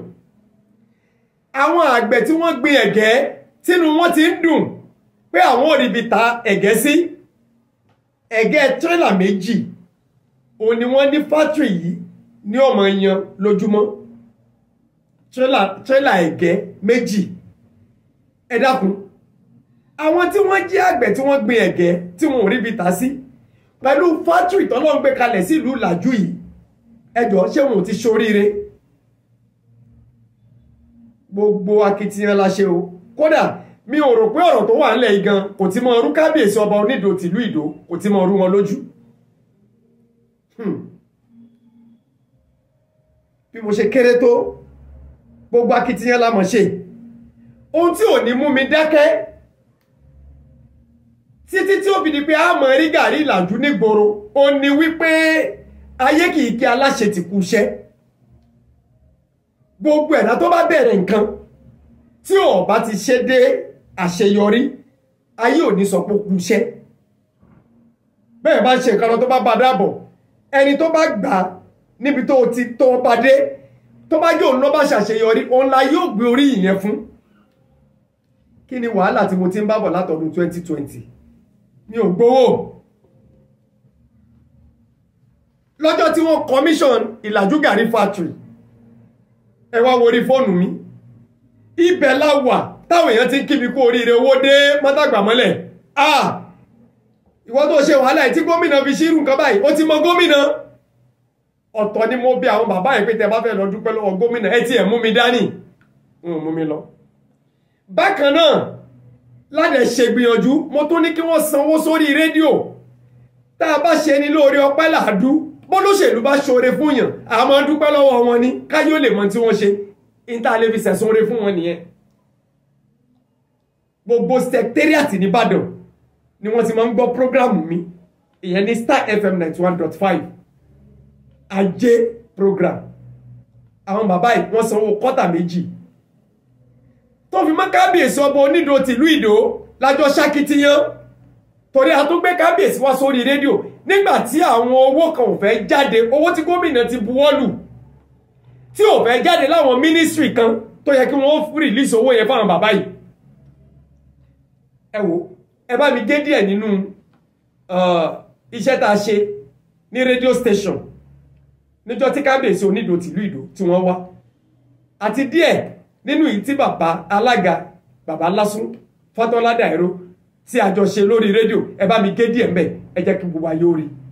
àwọn àgbẹ̀ tí wọ́n gbin ẹ̀gẹ́ tínú wọn ti ń dùn pé àwọn òrìbì ta ẹ̀gẹ́ sí ẹ̀gẹ́ tírélà méjì òun ni wọ́n ní fátìrì yìí ní ọmọ yan lójúmọ́ tírélà ẹ̀gẹ́ méjì ẹ dákun àwọn tí wọ́n jẹ́ àgbẹ̀ tí wọ́n gbin ẹ̀gẹ́ tí wọn ò ríbi ta sí. Si pẹ̀lú fátírì tọ́lọ́run gbé kalẹ̀ sílùú làjú yìí ẹjọ́ ṣé wọn ò ti ṣoríire gbogbo akitiyan la ṣe o kódà mi ò rò pé ọ̀rọ̀ tó wà ńlẹ̀ igan kò ti mọ ọrú kábíyèsí ọba onídò tìlú ìdó kò ti mọ ọrú wọn lójú hmm. bí mo ṣe kéré tó gbogbo akitiyan la mọ̀ ṣe ohun tí ò ní mú mi dákẹ́ títí tí ó fi di pé a mọ̀ rí gàrí ìlàjú nígboro ó ní wípé ayé kì kí aláṣẹ ti kú iṣẹ́ gbogbo ẹ̀dá tó bá bẹ̀rẹ̀ nǹkan tí ò ti ṣe dé àṣeyọrí ayé ò ní sọ pé kú iṣẹ́ bẹ́ẹ̀ bá ṣe nǹkan tó bá bá dàbọ̀ ẹni tó bá gbà níbi tó ti tó bá dé tó bá yóò lọ́ bá ṣàṣeyọrí òun la yóò gbé orí ìyẹn fún kí ni wàhálà tí mo ti ń bábọ̀ látọdún 2020 mi ò gbowó lọ́jọ́ tí wọ́n commission ìlàjú gàrí factory ẹ wá worí fóònù mi ibẹ̀ la wà táwọn èèyàn ti ń kíbi kú oríire owó dé mọ́tàgbà mọ́lẹ̀ ah ìwọ tó ṣe wàhálà ẹ̀ tí gómìnà fi ṣírù nǹkan báyìí ó ti mọ gómìnà ọ̀tọ̀ ni mo bi àwọn bàbá yìí pé tẹ́ bá fẹ́ lọ dúpẹ́ lọ́wọ́ gómìnà ẹ tiẹ̀ mú mi dání n ò mú mi lọ bákan náà ládẹ̀ ṣègbìyànjú mo tún ní kí wọ́n sanwó sórí rédíò tá a bá ṣe ni lóore ọpẹ́ làádú bólóṣèlú bá ṣoore fún yàn àmọ́ dúpẹ́ lọ́wọ́ wọn ni káyọ̀ lè mọ tí wọ́n ṣe níta lè fi sẹ̀sùn oore fún wọn nìyẹn gbogbo secretariat nìbàdàn ni wọ́n ti máa ń gbọ́ prógráàmù mi ìyẹn ní star fm ninety one dot five ajé program àwọn bàbá yìí wọ́n sanwó kọ́tà méjì tó fi mọ́ kábíyèsí ọba onídò tìlú ìdó lájọ ṣakitiyan torí a tún gbé kábíyèsí wá sórí rédíò nígbà tí àwọn owó kan ò fẹ́ jáde owó tí gómìnà ti buwọ́lù tí ò fẹ́ jáde láwọn mínísírì kan tó yẹ kí wọ́n rìlíìsì owó yẹn fáwọn bàbá yìí ẹ wo ẹ bá mi gé díẹ̀ nínú iṣẹ́ tá a ṣe ní rédíò station níjọ́ tí kábíyèsí onídò tìlú ìdó tí wọ́n wá àti díẹ̀ nínú yìí tí bàbá alága bàbá lásùn Fatola Dairo tí a jọ ṣe lórí rédíò ẹ bá mi gé díẹ̀ mbẹ́ ẹ jẹ́ kí gbogbo ayé ó rí i.